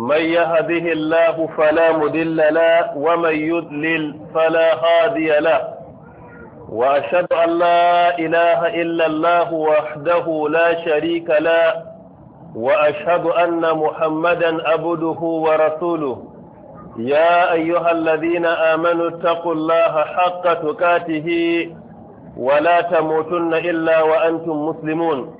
من يهده الله فلا مدل له ومن يدلل فلا هادي له وأشهد أن لا إله إلا الله وحده لا شريك له وأشهد أن محمدا أبده ورسوله يا أيها الذين آمنوا اتقوا الله حق تكاته ولا تموتن إلا وأنتم مسلمون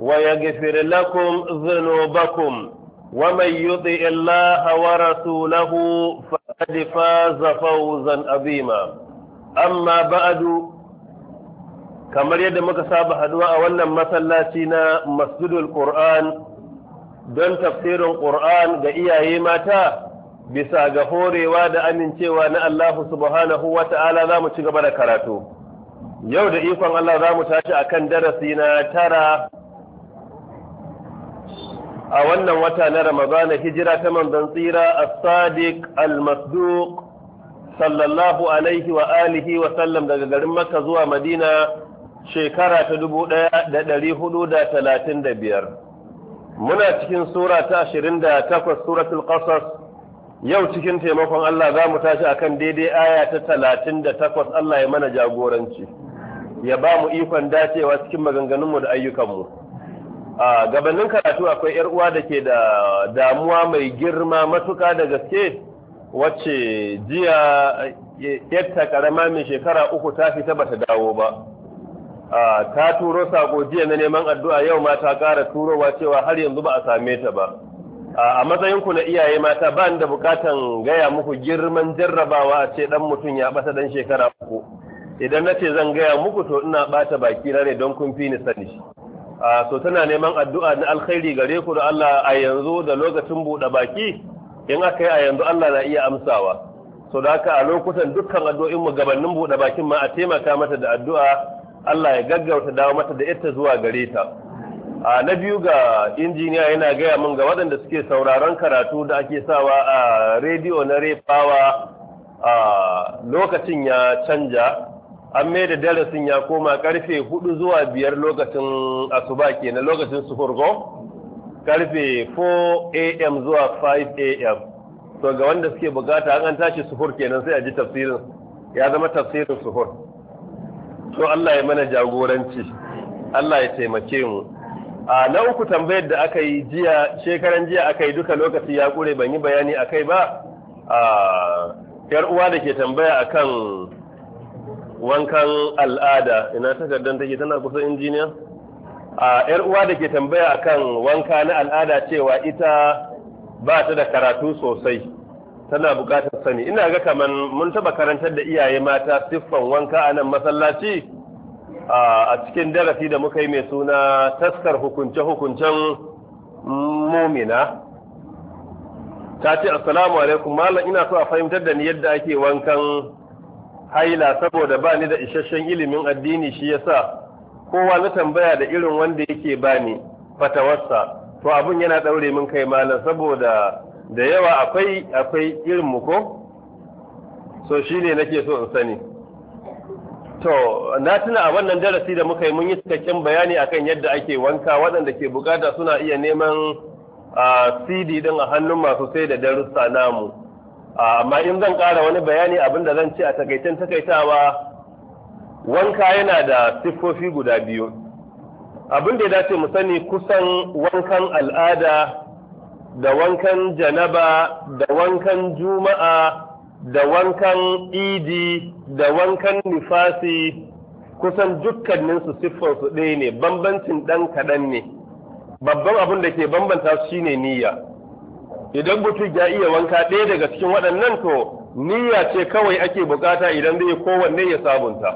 ويغفر لكم ذنوبكم ومن يطع الله ورسوله فقد فاز فوزا عظيما أما بعد kamar yadda muka saba haduwa a wannan masallaci na masjidul qur'an don tafsirin qur'an ga iyaye mata bisa ga horewa da amincewa na Allah subhanahu wa ta'ala za mu ci gaba da karatu yau da ikon Allah za mu tashi akan darasi na tara a wannan wata na Ramadana hijira ta manzon tsira a sadiq al-masduq sallallahu alaihi wa alihi wa sallam daga garin maka zuwa Madina shekara ta dubu ɗaya da ɗari hudu da talatin da biyar muna cikin sura ta ashirin da takwas suratul qasas yau cikin taimakon Allah za mu tashi akan daidai aya ta talatin da takwas Allah ya mana jagoranci ya ba mu ikon dacewa cikin maganganunmu da ayyukanmu a gabanin karatu akwai yar uwa da ke da damuwa mai girma matuka da gaske wacce jiya yadda karama mai shekara uku ta fita bata dawo ba ta turo sako jiya na neman addu'a yau ma ta ƙara turowa cewa har yanzu ba a same ta ba a matsayinku na iyaye mata ba da bukatan gaya muku girman jarrabawa a ce dan mutum ya bata dan shekara uku idan na ce zan gaya muku to ina bata baki na ne don kun fi ni sani so tana neman addu'a na alkhairi gare ku da Allah a yanzu da lokacin buɗe baki in aka yi a yanzu Allah na iya amsawa so da haka a lokutan dukkan addu'o'in mu gabanin buɗe bakin ma a taimaka mata da addu'a Allah ya gaggauta dawo mata da ita zuwa gare ta a na biyu ga injiniya yana gaya min ga waɗanda suke sauraron karatu da ake sawa a rediyo na refawa a lokacin ya canja an mai da darasin ya koma karfe hudu zuwa biyar lokacin asuba kenan lokacin sufurgo karfe 4 am zuwa 5 am to ga wanda suke bukata an tashi suhur kenan sai a ji tafsirin ya zama tafsirin suhur to Allah ya mana jagoranci Allah ya taimake mu a na uku tambayar da aka yi jiya shekaran jiya aka yi duka lokaci ya kure ban yi bayani akai ba a yar uwa da ke tambaya akan wankan al'ada ina takardar take tana kusa injiniya a yar uwa da ke tambaya kan wanka na al'ada cewa ita ba ta da karatu sosai tana bukatar sani ina ga kamar mun taba karantar da iyaye mata siffan wanka a nan masallaci a cikin darasi da muka yi mai suna taskar hukunce-hukuncen mumina ta ce assalamu alaikum malam ina so a fahimtar da ni yadda ake wankan haila saboda ba ni da isasshen ilimin addini shi yasa kowa na tambaya da irin wanda yake bani fatawarsa to abun yana daure min kai malam saboda da yawa akwai akwai irin mu ko so shine nake so in sani to na tuna a wannan darasi da muka yi mun yi cikakken bayani akan yadda ake wanka waɗanda ke bukata suna iya neman a ah, CD din a hannun masu sai da darussa namu amma in zan ƙara wani bayani abin da zan ce a takaitan takaitawa wanka yana da siffofi guda biyu abin da ya dace mu sani kusan wankan al'ada da wankan janaba da wankan juma'a da wankan idi da wankan nifasi kusan dukkaninsu siffarsu ɗaya ne bambancin ɗan kaɗan ne babban abin da ke bambanta shine niyya idan mutum ya iya wanka ɗaya daga cikin waɗannan to niyya ce kawai ake bukata idan zai kowanne ya sabunta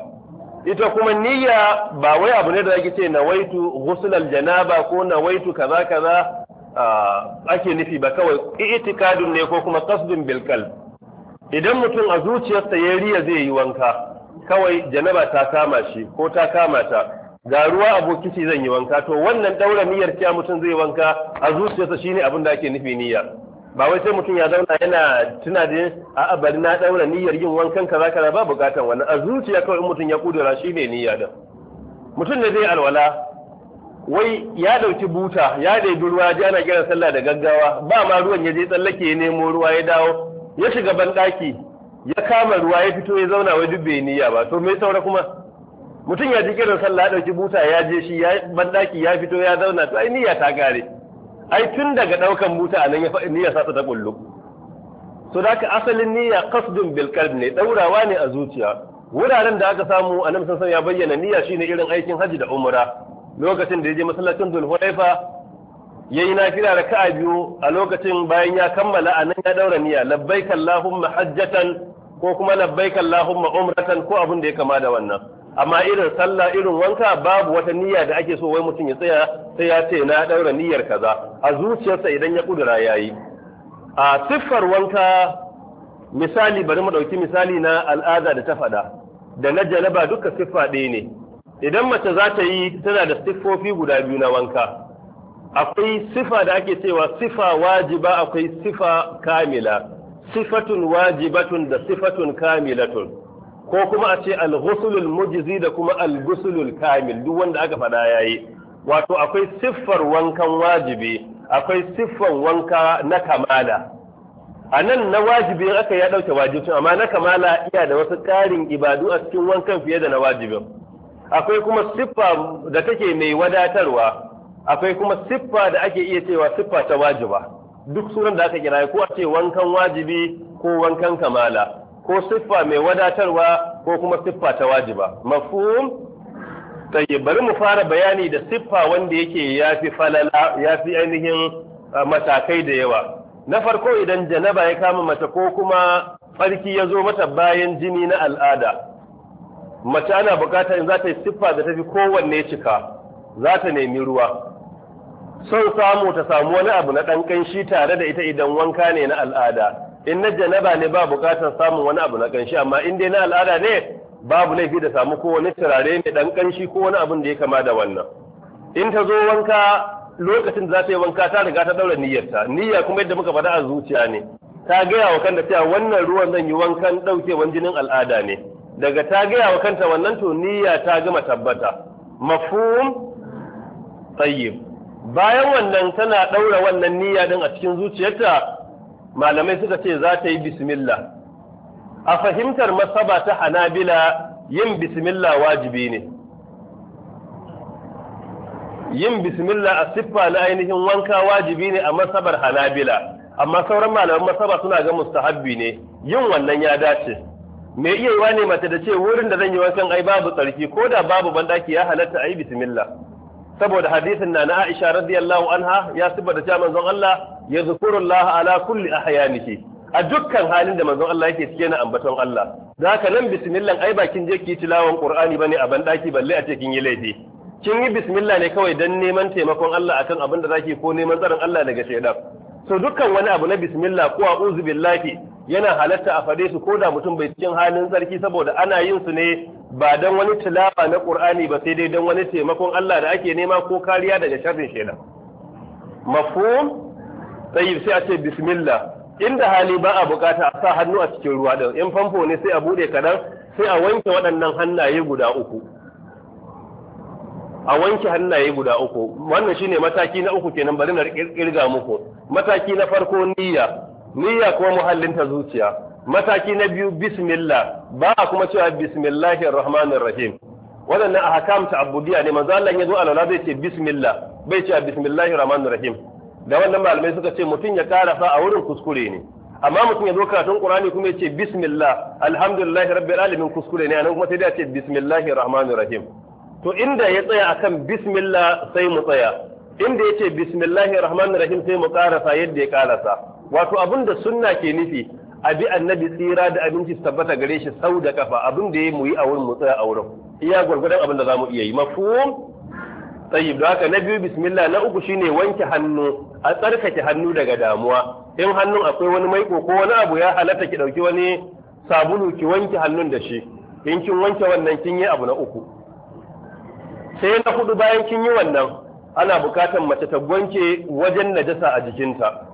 ita kuma niyya ba wai abu ne da ake ce na waitu ghusl janaba ko na waitu kaza kaza ake nufi ba kawai i'tikadun ne ko kuma qasdun bil idan mutum a zuciyarsa ya riya zai yi wanka kawai janaba ta kama shi ko ta kama ta ga ruwa a zan yi wanka to wannan daura niyyar cewa mutum zai wanka a zuciyarsa shine abin da ake nufi niyya ba wai sai mutum ya zauna yana tuna da a bari na daura niyyar yin wankan kaza kaza ba bukatan wannan a zuciya kawai mutum ya kudura shine niyya da mutum ne zai alwala wai ya dauki buta ya dai ruwa ji ana kiran sallah da gaggawa ba ma ruwan ya je tsallake ya nemo ruwa ya dawo ya shiga ban ya kama ruwa ya fito ya zauna wai duk bai niyya ba to me saura kuma mutum ya ji kiran sallah ya dauki buta ya je shi ya bandaki ya fito ya zauna to ai niyya ta gare ai tun daga daukan buta nan ya niyya sa ta kullu so da asalin niyya qasdun bil ne ɗaurawa ne a zuciya wuraren da aka samu a nan sansan ya bayyana niyya shine irin aikin hajji da umra lokacin da ya je masallacin Dhul-Hulaifa ya yi nafila da ka'a biyu a lokacin bayan ya kammala a nan ya daura niyya labbaik Allahumma hajjatan ko kuma labbaik Allahumma umratan ko abin da ya kama da wannan amma irin sallah irin wanka babu wata niyya da ake so wai mutum ya tsaya sai ya ce na daura niyyar kaza a zuciyarsa idan ya kudura yayi a siffar wanka misali bari mu dauki misali na al'ada da ta faɗa da na janaba duka siffa ɗaya ne idan mace za ta yi tana da siffofi guda biyu na wanka akwai siffa da ake cewa siffa wajiba akwai siffa kamila sifatun wajibatun da sifatun kamilatun ko kuma a ce al-ghuslul mujzi da kuma al-ghuslul kamil duk wanda aka fada yayi wato akwai siffar wankan wajibi akwai siffar wanka na kamala a nan na wajibi aka ya ɗauke wajibi amma na kamala iya da wasu ƙarin ibadu a cikin wankan fiye da na wajibin akwai kuma siffa da take mai wadatarwa akwai kuma siffa da ake iya cewa siffa ta wajiba duk sunan da aka kira ko a ce wankan wajibi ko wankan kamala ko siffa mai wadatarwa ko kuma siffa ta wajiba mafhum tayi bari mu fara bayani da siffa wanda yake yafi falala yafi ainihin ah, matakai da yawa na farko idan janaba ya kama mace ko kuma farki ya zo mata bayan jini na al'ada mace ana bukata in za ta yi siffa da tafi kowanne cika za ta nemi ruwa Sau samu ta samu wani abu na ɗan ƙanshi tare da ita idan wanka ne na al'ada in na janaba ne ba bukatar samun wani abu na kanshi amma in dai na al'ada ne babu laifi da samu ko wani turare ne dan kanshi ko wani abin da ya kama da wannan in ta zo wanka lokacin da za ta yi wanka ta riga ta daura niyyarta niyya kuma yadda muka faɗa a zuciya ne ta gaya wa kanta cewa wannan ruwan zan yi wankan ɗaukewan jinin al'ada ne daga ta gaya wa kanta wannan to niyya ta gama tabbata mafhum tayyib bayan wannan tana ɗaura wannan niyya din a cikin zuciyarta malamai suka ce za ta yi bismillah a fahimtar masaba ta hanabila yin bismillah wajibi ne yin bismillah a siffa na ainihin wanka wajibi ne a masabar hanabila amma sauran malaman masaba suna ga mustahabbi ne yin wannan ya dace me iya yiwa ne mace da ce wurin da zan yi wankan ai babu tsarki ko da babu banɗaki ya halatta ayi bismillah saboda hadisin na na Aisha radiyallahu anha ya sibba da manzon Allah ya zikurullah ala kulli ahyanihi a dukkan halin da manzon Allah yake cike na ambaton Allah da haka nan bismillah ai bakin je ki tilawan Qur'ani bane a bandaki balle a ce kin yi laifi kin yi bismillah ne kawai dan neman taimakon Allah akan abin da zaki ko neman tsarin Allah daga shaidan so dukkan wani abu na bismillah ko a'udhu billahi yana halatta a fare su ko da mutum bai cikin halin tsarki saboda ana yin su ne ba don wani tilawa na ƙur'ani ba sai dai don wani taimakon Allah da ake nema ko kariya daga sharrin shaidan mafhum tayyib sai a ce bismillah inda hali ba a bukata a sa hannu a cikin ruwa din in famfo ne sai a bude kadan sai a wanke waɗannan hannaye guda uku a wanke hannaye guda uku wannan shine mataki na uku kenan bari na kirga muku mataki na farko niyya niyya kuma muhallinta zuciya mataki na biyu bismillah ba a kuma cewa bismillahir rahmanir rahim waɗannan ahkam ta'abbudiyya ne manzo Allah ya zo alwala zai ce bismillah bai cewa bismillahir rahmanir rahim da wannan malamai suka ce mutum ya karafa a wurin kuskure ne amma mutum ya zo karatun qur'ani kuma ya ce bismillah alhamdulillahi rabbil alamin kuskure ne anan kuma sai a ce bismillahir rahmanir rahim to inda ya tsaya akan bismillah sai mu tsaya inda ya ce bismillahir rahmanir rahim sai mu karasa yadda ya karasa wato abin da sunna ke nufi A bi annabi tsira da abinci tabbata gare shi sau da kafa abin da ya muyi a wurin mu tsaya a wurin iya gwargwadon abin da za mu iya yi mafhum tayyib da haka na biyu bismillah na uku shine wanke hannu a tsarkake hannu daga damuwa in hannun akwai wani maiko ko wani abu ya halatta ki dauki wani sabulu ki wanke hannun da shi in kin wanke wannan kin yi abu na uku sai na hudu bayan kin yi wannan ana bukatar mace ta wanke wajen najasa a jikinta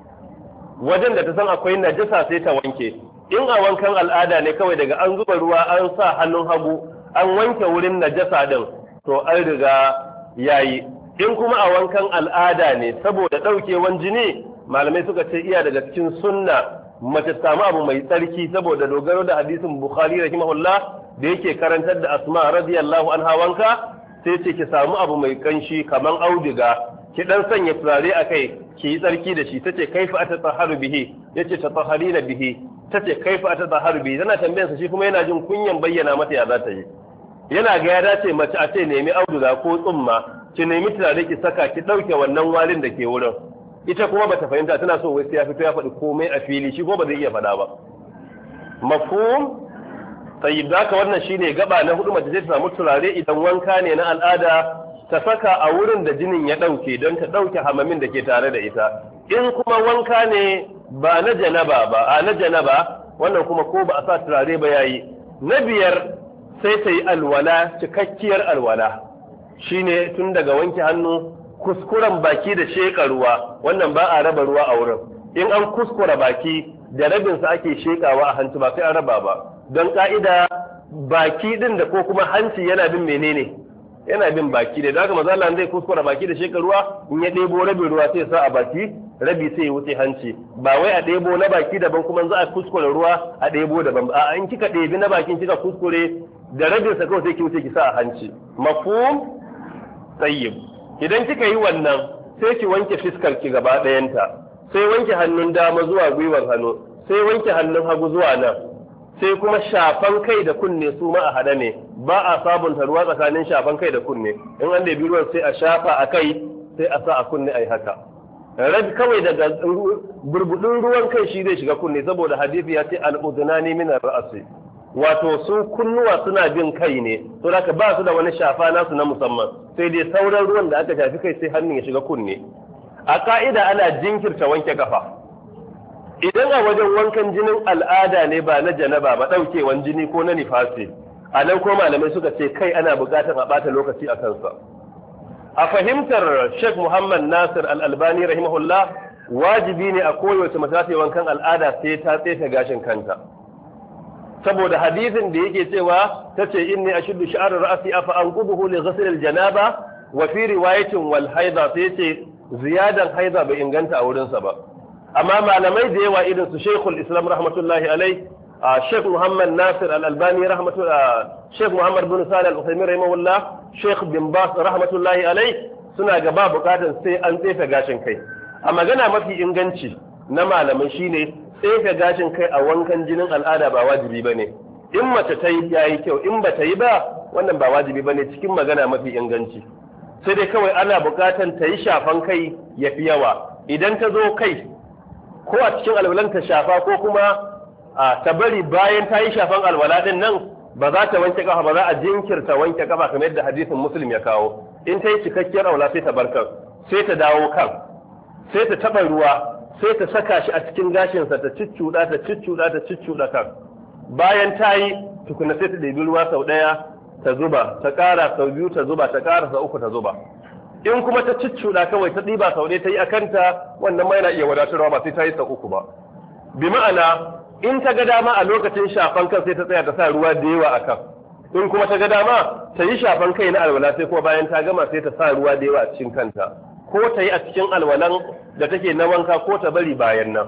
wajen da ta san akwai najasa sai ta wanke in a wankan al'ada ne kawai daga an zuba ruwa an sa hannun hagu an wanke wurin najasa din to an riga yayi in kuma a wankan al'ada ne saboda ɗaukewan jini malamai suka ce iya daga cikin sunna mace samu abu mai tsarki saboda dogaro da hadisin bukhari rahimahullah da yake karantar da asma radiyallahu anha wanka sai ce ki samu abu mai kanshi kaman auduga ki dan sanya turare a kai ki yi tsarki da shi tace ta taharu bihi yace ta tatahharina bihi tace ta taharu bihi tana tambayar sa shi kuma yana jin kunyan bayyana mata ya za ta yi yana ga ya dace mace a ce nemi auduga ko tsumma ki nemi turare ki saka ki dauke wannan walin da ke wurin ita kuma bata fahimta tana so wai sai ya fito ya faɗi komai a fili shi ko ba zai iya faɗa ba mafhum tayyib ka wannan shine gaba na hudu mace ta samu turare idan wanka ne na al'ada ta saka a wurin da jinin ya ɗauke don ta ɗauke hamamin da ke tare da ita in kuma wanka ne ba na janaba ba a na janaba wannan kuma ko ba a sa turare ba yayi na biyar sai ta yi alwala cikakkiyar alwala shine tun daga wanke hannu kuskuren baki da sheƙa ruwa wannan ba a raba ruwa a wurin in an kuskura baki da rabinsa ake sheƙawa a hanci ba sai an raba ba don ƙa'ida, baki ɗin da ko kuma hanci yana bin menene yana bin baki da haka maza Allah zai kuskura baki da shekar ruwa in ya ɗebo rabin ruwa sai sa a baki rabi sai ya wuce hanci ba wai a ɗebo na baki daban kuma za a kuskure ruwa a ɗebo daban a in kika ɗebi na bakin kika kuskure da rabin sa kawai sai ki wuce ki sa a hanci mafhum tayyib idan kika yi wannan sai ki wanke fiskar ki gaba ɗayanta sai wanke hannun dama zuwa gwiwar hannu sai wanke hannun hagu zuwa nan sai kuma shafan kai da kunne su ma a hada ne ba a sabunta ruwa tsakanin shafan kai da kunne in an bi ruwan sai a shafa a kai sai a sa a kunne ai haka rabi kawai daga burbudin ruwan kai shi zai shiga kunne saboda hadisi ya ce al'udunani min ra'asi wato su kunnuwa suna bin kai ne to haka ba su da wani shafa nasu na musamman sai dai sauran ruwan da aka shafi kai sai hannun ya shiga kunne a ka'ida ana jinkirta wanke kafa idan a wajen wankan jinin al'ada ne ba na janaba ba ɗaukewan jini ko na nifasi a nan ko malamai suka ce kai ana buƙatar a ɓata lokaci a kansa a fahimtar sheikh muhammad nasir al'albani rahimahullah wajibi ne a koyaushe mace wankan al'ada sai ta tsefe gashin kanta saboda hadisin da yake cewa ta ce inni ashuddu sha'arar ra'asi a fa'an li ghusl al-janaba wa fi riwayatin wal haidha sai ce ziyadan haidha bai inganta a wurinsa ba amma malamai da yawa irin su Sheikhul Islam rahmatullahi alai Sheikh Muhammad Nasir Al-Albani rahmatullahi Sheikh Muhammad bin Salih Al-Uthaymeen rahimahullah Sheikh bin Bas rahmatullahi alai suna gaba bukatan sai an tsefe gashin kai a magana mafi inganci na malamai shine tsefe gashin kai a wankan jinin al'ada ba wajibi bane in mace ta yi yayi kyau in ba ta yi ba wannan ba wajibi bane cikin magana mafi inganci sai dai kawai ana bukatan ta yi shafan kai ya fi yawa idan ta zo kai ko a cikin alwalan ta shafa ko kuma ta bari bayan ta yi shafan alwala din nan ba za ta wanke kafa ba za a jinkirta wanke kafa kamar yadda hadisin muslim ya kawo in ta yi cikakkiyar alwala sai ta bar kan sai ta dawo kan sai ta taba ruwa sai ta saka shi a cikin gashinsa ta ciccuda ta ciccuda ta ciccuda kan bayan ta yi tukuna sai ta ɗebi ruwa sau ɗaya ta zuba ta ƙara sau biyu ta zuba ta ƙara sau uku ta zuba in kuma ta ciccuna kawai ta ɗiba sau ta yi a kanta wannan ma yana iya wadatarwa ba sai ta yi sau uku ba bi ma'ana in ta ga dama a lokacin shafan kan sai ta tsaya ta sa ruwa da yawa a kan in kuma ta ga dama ta yi shafan kai na alwala sai kuma bayan ta gama sai ta sa ruwa da yawa a cikin kanta ko ta yi a cikin alwalan da take na wanka ko ta bari bayan nan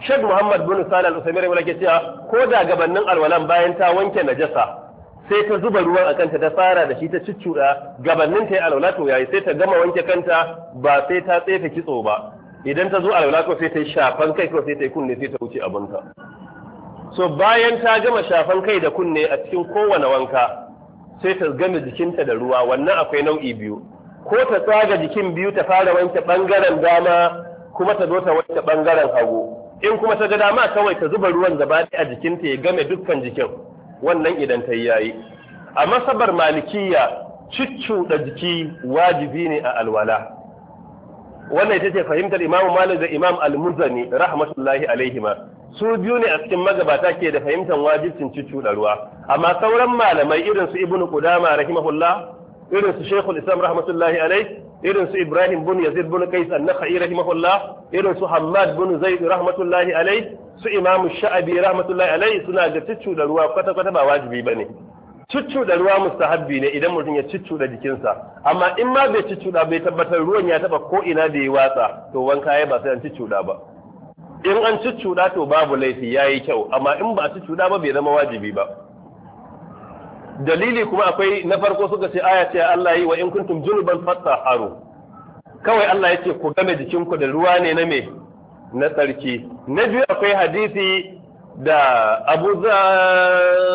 Sheikh Muhammad bin Salih Al-Usaimi rahimahullah ke cewa ko da gabanin alwalan bayan ta wanke najasa sai ta zuba ruwan a kanta ta fara da shi ta ciccuda gabanin ta yi alwala to yayi sai ta gama wanke kanta ba sai ta tsefe kitso ba idan ta zo alwala ko sai ta shafan kai ko sai ta kunne sai ta wuce abinta so bayan ta gama shafan kai da kunne a cikin kowane wanka sai ta gama jikinta da ruwa wannan akwai nau'i biyu ko ta tsaga jikin biyu ta fara wanke bangaren dama kuma ta zo ta wanke bangaren hagu in kuma ta ga dama kawai ta zuba ruwan gaba a jikinta ya game dukkan jikin wannan idan ta yayi a masabar malikiya cuccuɗa jiki wajibi ne a alwala wannan ita ce fahimtar imam malik da imam al-muzani rahmatullahi alaihima su biyu ne a cikin magabata ke da fahimtar wajibcin cuccuɗa ruwa amma sauran malamai irin su ibnu qudama rahimahullah irin su shaykhul islam rahmatullahi alaih irin su Ibrahim bin Yazid bin Qais an-Nakhai rahimahullah irin su Hammad bin Zaid rahmatullahi alai su Imam Sha'abi rahmatullahi alai suna ga ciccu da ruwa kwata kwata ba wajibi bane ciccu da ruwa mustahabbi ne idan mutum ya ciccu da jikinsa amma in ma bai ciccu da bai tabbatar ruwan ya taba ko ina da ya watsa to wanka ya ba sai an ciccu da ba in an ciccu da to babu laifi yayi kyau amma in ba ciccu da ba bai zama wajibi ba dalili kuma akwai na farko suka ce aya ce Allah yi wa in kuntum junuban fattaharu kawai Allah yace ku game jikinku da ruwa ne na me na tsarki na biyu akwai hadisi da Abu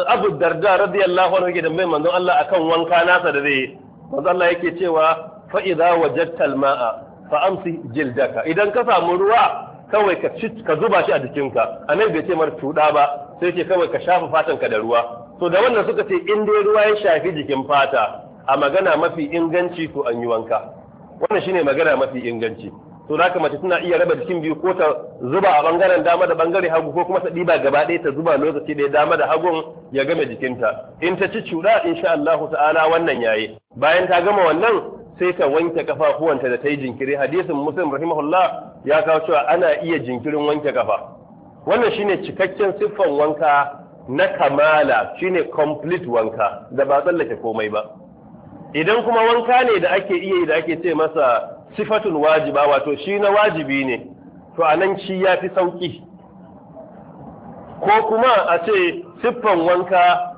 Abu Darda radiyallahu anhu da mai manzon Allah akan wanka nasa da zai manzon Allah yake cewa fa idza wajadta al-ma'a fa amsi jildaka idan ka samu ruwa kawai ka zuba shi a jikinka annabi bai ce mar tuda ba sai ce kawai ka shafa fatanka da ruwa to da wannan suka ce in dai ruwa ya shafi jikin fata a magana mafi inganci to an yi wanka wannan shine magana mafi inganci to zaka mace tana iya raba jikin biyu ko ta zuba a bangaren dama da bangare hagu ko kuma ta diba gaba ɗaya ta zuba lokaci ɗaya dama da hagun ya game jikinta in ta ci cuɗa insha Allah ta'ala wannan yayi bayan ta gama wannan sai ta wanke kafafuwanta da ta yi jinkiri hadisin muslim rahimahullah ya kawo cewa ana iya jinkirin wanke kafa wannan shine cikakken siffan wanka na kamala shine complete wanka da ba tsallake komai ba idan kuma wanka ne da ake iya yi da ake ce masa sifatun wajiba wato shi na wajibi ne to anan shi ya fi sauki ko kuma a ce siffan wanka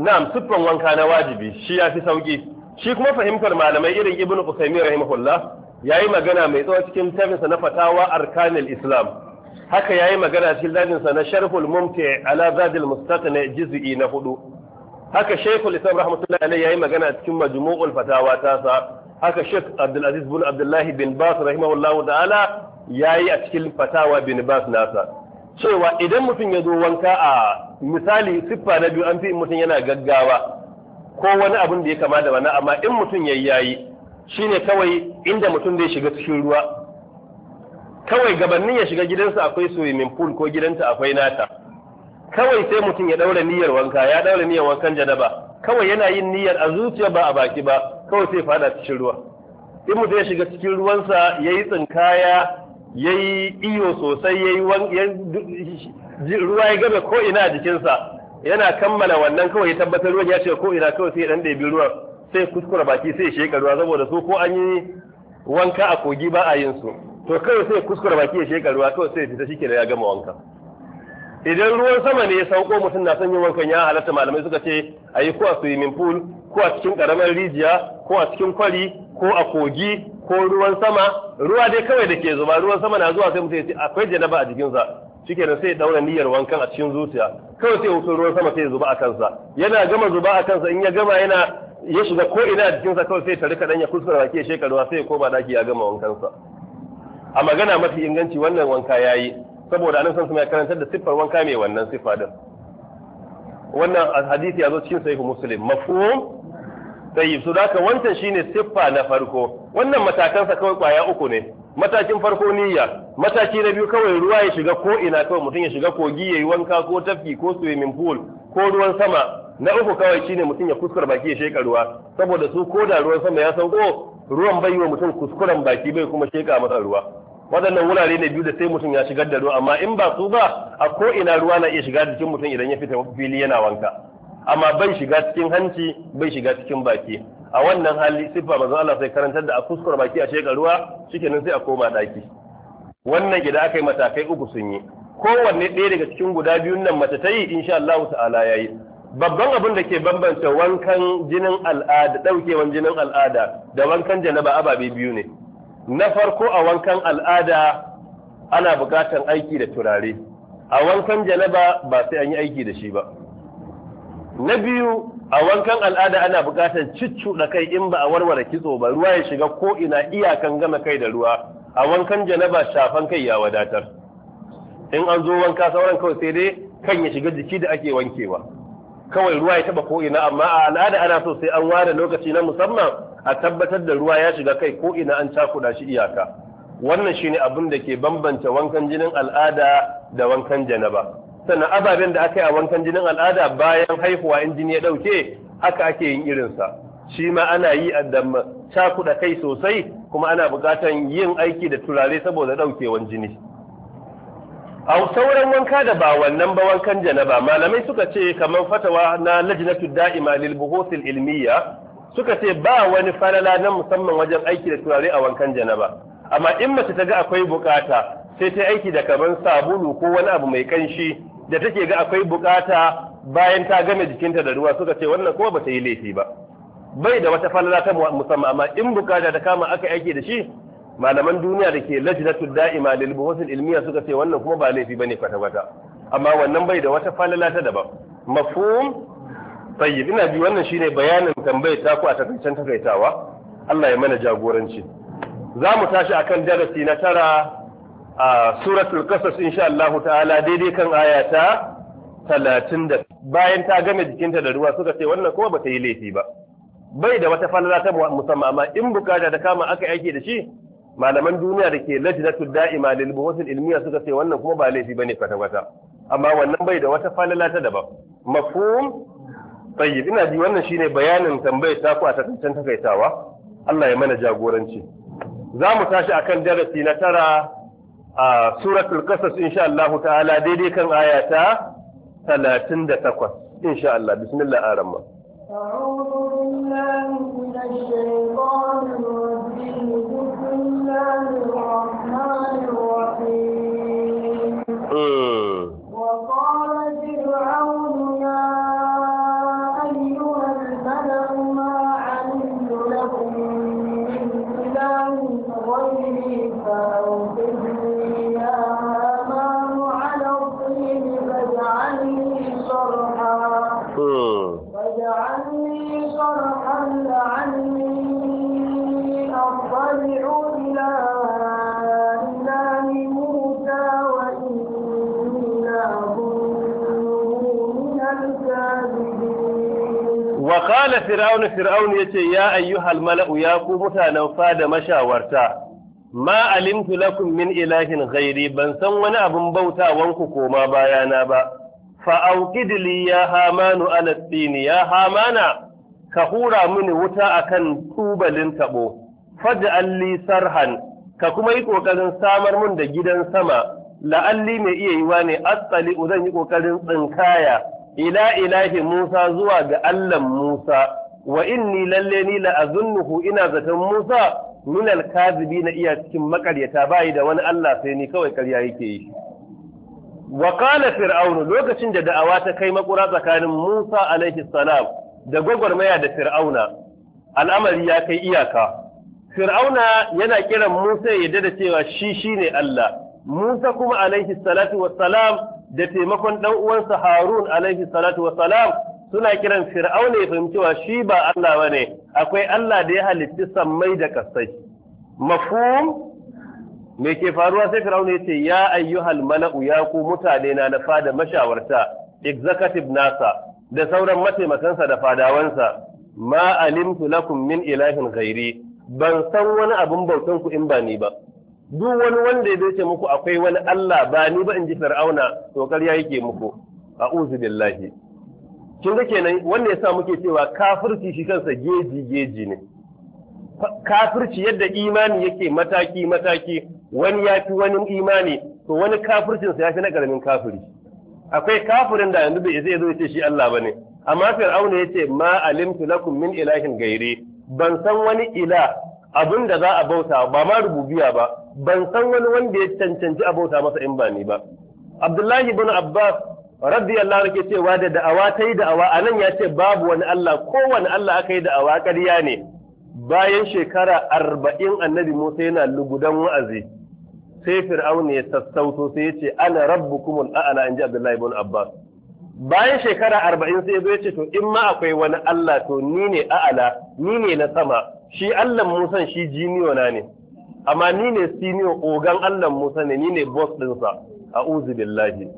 na'am siffan wanka na wajibi shi ya fi sauki shi kuma fahimtar malamai irin ibnu usaymin rahimahullah yayi magana mai tsawon cikin tafinsa na fatawa arkanil islam haka ya yi magana cikin zadin sa na sharhul mumti ala zadil mustaqni juz'i na hudu haka shaykhul islam rahmatullahi alayhi yayi magana cikin majmu'ul fatawa ta sa haka shaykh abdul aziz bin abdullahi bin bas rahimahullahu ta'ala yayi a cikin fatawa bin bas nasa cewa idan mutum ya zo wanka a misali siffa na biyu an fi mutum yana gaggawa ko wani abin da ya kama da wani amma in mutum yayi yayi shine kawai inda mutum zai shiga cikin ruwa kawai gabannin ya shiga gidansa akwai swimming pool ko gidanta akwai nata kawai sai mutum ya daura niyyar wanka ya daura niyyar wankan janaba kawai yana yin niyyar a zuciya ba a baki ba kawai sai fada cikin ruwa in mutum ya shiga cikin ruwansa ya yi tsinkaya ya yi iyo sosai ya yi ruwa ya game ko ina a jikinsa yana kammala wannan kawai ya tabbatar ruwan ya ce ko ina kawai sai dan ɗebi ruwan sai kuskura baki sai sheka ruwa saboda su ko an yi wanka a kogi ba a yin su to kawai sai kuskura baki ya sheka ruwa kawai sai fita shike da ya gama wanka idan ruwan sama ne ya sauko mutum na son yin wankan ya halatta malamai suka ce a yi ko a swimming pool ko a cikin karamar rijiya ko a cikin kwari ko a kogi ko ruwan sama ruwa dai kawai da ke zuba ruwan sama na zuwa sai mutum ya ce akwai janaba a jikinsa shike da sai ya daura niyyar wankan a cikin zuciya kawai sai wuce ruwan sama sai ya zuba a kansa yana gama zuba a kansa in ya gama yana ya shiga ko ina a jikinsa kawai sai ta rika dan ya kuskura baki ya sai ya koma daki ya gama wankansa a magana mafi inganci wannan wanka yayi saboda annabi sun alaihi karantar da siffar wanka mai wannan siffa din wannan hadisi ya zo cikin sahih muslim mafhum tayyib so daka wancan shine siffa na farko wannan matakan sa kawai kwaya uku ne matakin farko niyya mataki na biyu kawai ruwa ya shiga ko ina kawai mutum ya shiga kogi yayi wanka ko tafki ko swimming pool ko ruwan sama na uku kawai shi ne mutum ya kuskura baki ya sheka ruwa saboda su ko da ruwan sama ya sauko ruwan bai wa mutum kuskuren baki bai kuma sheka masa ruwa waɗannan wurare ne biyu da sai mutum ya shigar da ruwa amma in ba su ba a ko ina ruwa na iya shiga cikin mutum idan ya fita fili yana wanka amma bai shiga cikin hanci bai shiga cikin baki a wannan hali siffa manzon Allah sai karantar da a kuskura baki a sheka ruwa nan sai a koma daki wannan gida aka yi matakai uku sun yi kowanne ɗaya daga cikin guda biyun nan mace ta yi insha Allah ta'ala yayi babban abin da ke bambanta wankan jinin al'ada daukewan jinin al'ada da wankan janaba ababe biyu ne na farko a wankan al'ada ana bukatan aiki da turare a wankan janaba ba sai an yi aiki da shi ba na biyu a wankan al'ada ana bukatan da kai in ba a warware kitso ba ruwa ya shiga ko ina iyakan gama kai da ruwa a wankan janaba shafan kai ya wadatar in an zo wanka sauran kawai sai dai kan ya shiga jiki da ake wankewa kawai ruwa ya taba ko ina amma a al'ada ana so sai an ware lokaci na musamman a tabbatar da ruwa ya shiga kai ko ina an cakuda shi iyaka wannan shine abin da ke bambanta wankan jinin al'ada da wankan janaba sannan ababen da aka yi a wankan jinin al'ada bayan haihuwa in jini ya ɗauke, haka ake yin irinsa shi ma ana yi a cakuda kai sosai kuma ana bukatan yin aiki da turare saboda daukewan jini a sauran wanka da ba wannan ba wankan janaba malamai suka ce kamar fatawa na lajnatu da'ima lil buhuthil ilmiya suka ce ba wani falala na musamman wajen aiki da turare a wankan janaba amma in mace ta ga akwai bukata sai ta aiki da kamar sabulu ko wani abu mai kanshi da take ga akwai bukata bayan ta game jikinta da ruwa suka ce wannan kuma ba ta yi laifi ba bai da wata falala ta musamman amma in bukata ta kama aka aiki da shi malaman duniya da ke lajnatul da'ima lil buhuthil ilmiya suka ce wannan kuma ba laifi bane kwata kwata amma wannan bai da wata falala ta daban mafhum tayyib ina bi wannan shine bayanin tambayar ta ku a takaicen takaitawa Allah ya mana jagoranci za mu tashi kan darasi na tara a suratul qasas insha Allah ta'ala daidai kan ayata talatin da bayan ta game jikinta da ruwa suka ce wannan kuma ba ta yi laifi ba bai da wata falala ta musamman amma in bukata da kama aka aiki da shi malaman duniya da ke lajnatul da'ima lil buhuthil ilmiya suka ce wannan kuma ba laifi bane kwata kwata amma wannan bai da wata falala ta daban mafhum tayyib ina ji wannan shine bayanin tambayar ta ku a kai takaitawa Allah ya mana jagoranci za mu tashi kan darasi na tara a suratul qasas insha Allah ta'ala daidai kan aya ta 38 insha Allah bismillah arama أعوذ بالله من الشيطان الرجيم الله الرحمن الرحيم وقال فرعون يا أيها الملأ ما علمت لكم من إله غيري فأوقدني يا هامان على الطين فاجعلني صرحا فاجعلني صرحا لعلي qala fir'aunu fir'aunu yace ya ayyuhal mala'u ya ku mutanen fada mashawarta ma alimtu lakum min ilahin ghairi ban san wani abin bautawanku koma bayana ba fa li ya hamanu ala tsini ya hamana ka hura mini wuta akan tubalin tabo faj'al li sarhan ka kuma yi kokarin samar mun da gidan sama la'alli mai iya yiwa ne asali zan yi kokarin tsinkaya ila ilahi Musa zuwa ga Allahn Musa wa inni lalle ni la azunnuhu ina zaton Musa min kazibi na iya cikin makaryata bayi da wani Allah sai ni kawai karya yake yi wa qala fir'aunu lokacin da da'awa ta kai makura tsakanin Musa alaihi salam da gwagwarmaya da fir'auna al'amari ya kai iyaka fir'auna yana kiran Musa ya da cewa shi shine Allah Musa kuma alaihi salatu wassalam da taimakon dan uwansa Harun alaihi salatu wa salam suna kiran Fir'auna ya fahimci cewa shi ba Allah bane akwai Allah da ya halitta sammai da kasai mafhum me ke faruwa sai Fir'auna ya ce ya ayyuhal mala'u ya ku mutane na na fada mashawarta executive nasa da sauran mataimakansa da fadawansa ma alimtu lakum min ilahin ghairi ban san wani abin bautan ku in ba ni ba duk wani wanda ya dace muku akwai wani Allah ba ni ba in ji fir'auna to ƙarya yake muku a'udhu billahi kin ga kenan wanda yasa muke cewa kafirci shi kansa geji geji ne kafirci yadda imani yake mataki mataki wani ya fi wani imani to wani kafircin sa ya fi na karamin kafiri akwai kafirin da yanzu bai zai zo ya ce shi Allah bane amma fir'auna yace ma alimtu lakum min ilahin gairi ban san wani ila abin da za a bauta ba ma rububiya ba ban san wani wanda ya cancanci a bauta masa in ba ni ba abdullahi ibn abbas radiyallahu anhu cewa da da'awa ta yi da'awa a nan ya ce babu wani allah kowane allah aka yi da'awa ƙarya ne bayan shekara arba'in annabi musa yana lugudan wa'azi sai fir'auna ya sassauto sai ya ce ana rabbukumul a'la in ji abdullahi ibn abbas bayan shekara arba'in sai zai ce to in ma akwai wani Allah to ni ne a'ala ni ne na sama shi Allah Musa shi jiniyo na ne amma ni ne siniyo ogan Allah Musa ne ni ne boss ɗinsa, a'udhu billahi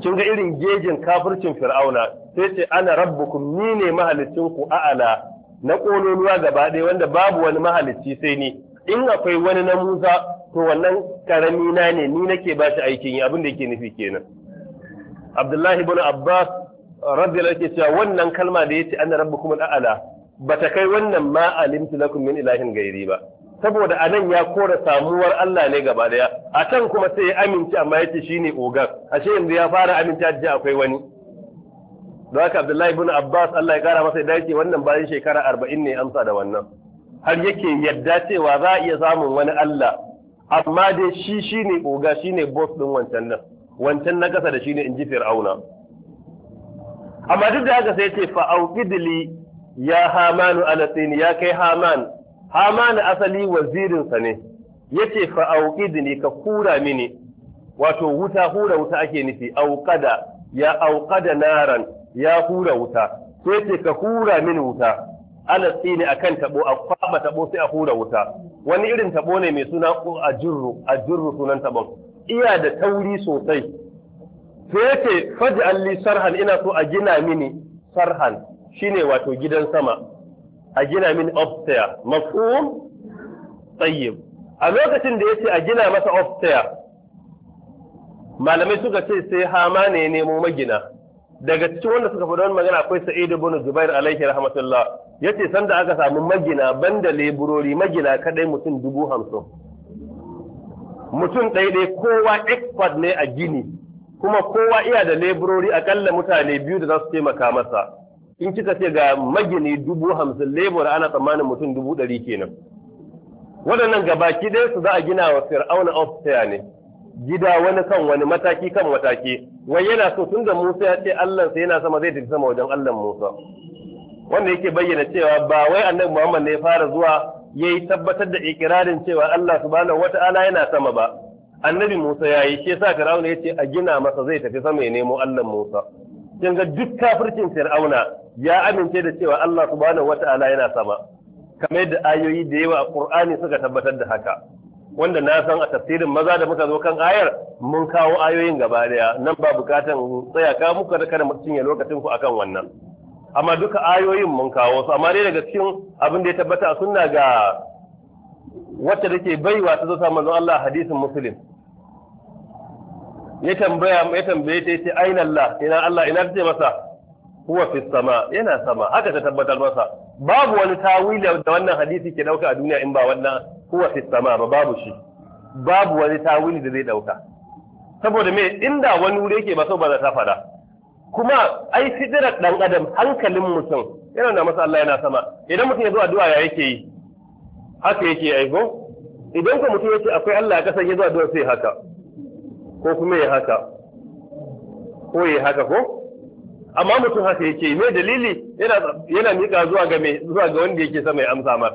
kin ga irin gejin kafircin fir'auna sai ce ana rabbukum ni ne mahalicin ku a'ala na kololuwa gaba ɗaya wanda babu wani mahalicci sai ni in akwai wani na Musa to wannan karami na ne ni nake ba shi aikin yi abin da yake nufi kenan abdullahi bin abbas radiyallahu anhu cewa wannan kalma da yace anna rabbukum al'ala bata kai wannan ma alimtu lakum min ilahin gairi ba saboda anan ya kora samuwar Allah ne gaba daya a can kuma sai ya amince amma yace shine ogar ashe yanzu ya fara aminta da akwai wani don haka Abdullahi bin Abbas Allah ya kara masa da yake wannan bayan shekara arba'in ne amsa da wannan har yake yadda cewa za a iya samun wani Allah amma dai shi shine oga shine boss din wancan nan wancan na kasa da shi ne in ji fir'auna amma duk da haka sai ce fa idili ya hamanu ala ya kai haman haman asali wazirinsa ne. ne ce fa idili ka kura mini wato wuta hura wuta ake nufi auqada ya auqada naran ya hura wuta sai ce ka hura mini wuta a kan taɓo, a kwaba taɓo sai a hura wuta wani irin taɓo ne mai suna a jirru sunan taɓon? iya da tauri sosai to yace faji alli sarhan ina so a gina mini sarhan shine wato gidan sama a gina mini ofsaya mafhum tayyib a lokacin da yace a gina masa ofsaya malamai suka ce sai hama ne ya nemo magina daga cikin wanda suka faɗi magana akwai sa'id ibn zubair alaihi rahmatullah yace sanda aka samu magina banda leburori magina kadai mutum dubu hamsin mutum ɗaiɗai kowa expert ne a gini kuma kowa iya da leburori akalla mutane biyu da za su taimaka masa in kika ce ga magini dubu hamsin labor ana tsammanin mutum dubu ɗari kenan waɗannan gabaki ɗaya su za a gina wa fir'auna officer ne gida wani kan wani mataki kan mataki wai yana so tun da Musa ya ce Allah sai yana sama zai tafi sama wajen Allah Musa wanda yake bayyana cewa ba wai annabi Muhammad ne ya fara zuwa yayi tabbatar da ikirarin cewa Allah subhanahu wata'ala yana sama ba annabi Musa ya yi shi yasa Fir'auna ce a gina masa zai tafi sama ya nemo Allah Musa kin ga duk kafircin Fir'auna ya amince da cewa Allah subhanahu wata'ala yana sama kamar yadda ayoyi da yawa a Qur'ani suka tabbatar da haka wanda na san a tafsirin maza da muka zo kan ayar mun kawo ayoyin gaba daya nan ba bukatan tsaya ka muka da kada mutum ya lokacin ku akan wannan amma duka ayoyin mun kawo su amma dai daga cikin abin da ya tabbata a sunna ga wacce take baiwa ta zo ta manzon Allah hadisin muslim ya tambaya ya tambaye ta yace aina Allah ina Allah ina ce masa huwa fi sama yana sama haka ta tabbatar masa babu wani tawili da wannan hadisi ke dauka a duniya in ba wannan huwa fi sama ba babu shi babu wani tawili da zai dauka saboda me inda wani wuri yake ba so ba za ta fada kuma ai fidirar dan adam hankalin mutum yana da masa Allah yana sama idan mutum ya zo addu'a ya yake yi haka yake yi ko idan ka mutum yace akwai Allah a kasa ya zo addu'a sai haka ko kuma ya haka ko ya haka ko amma mutum haka yake me dalili yana yana mika zuwa ga me zuwa ga wanda yake sama ya amsa mar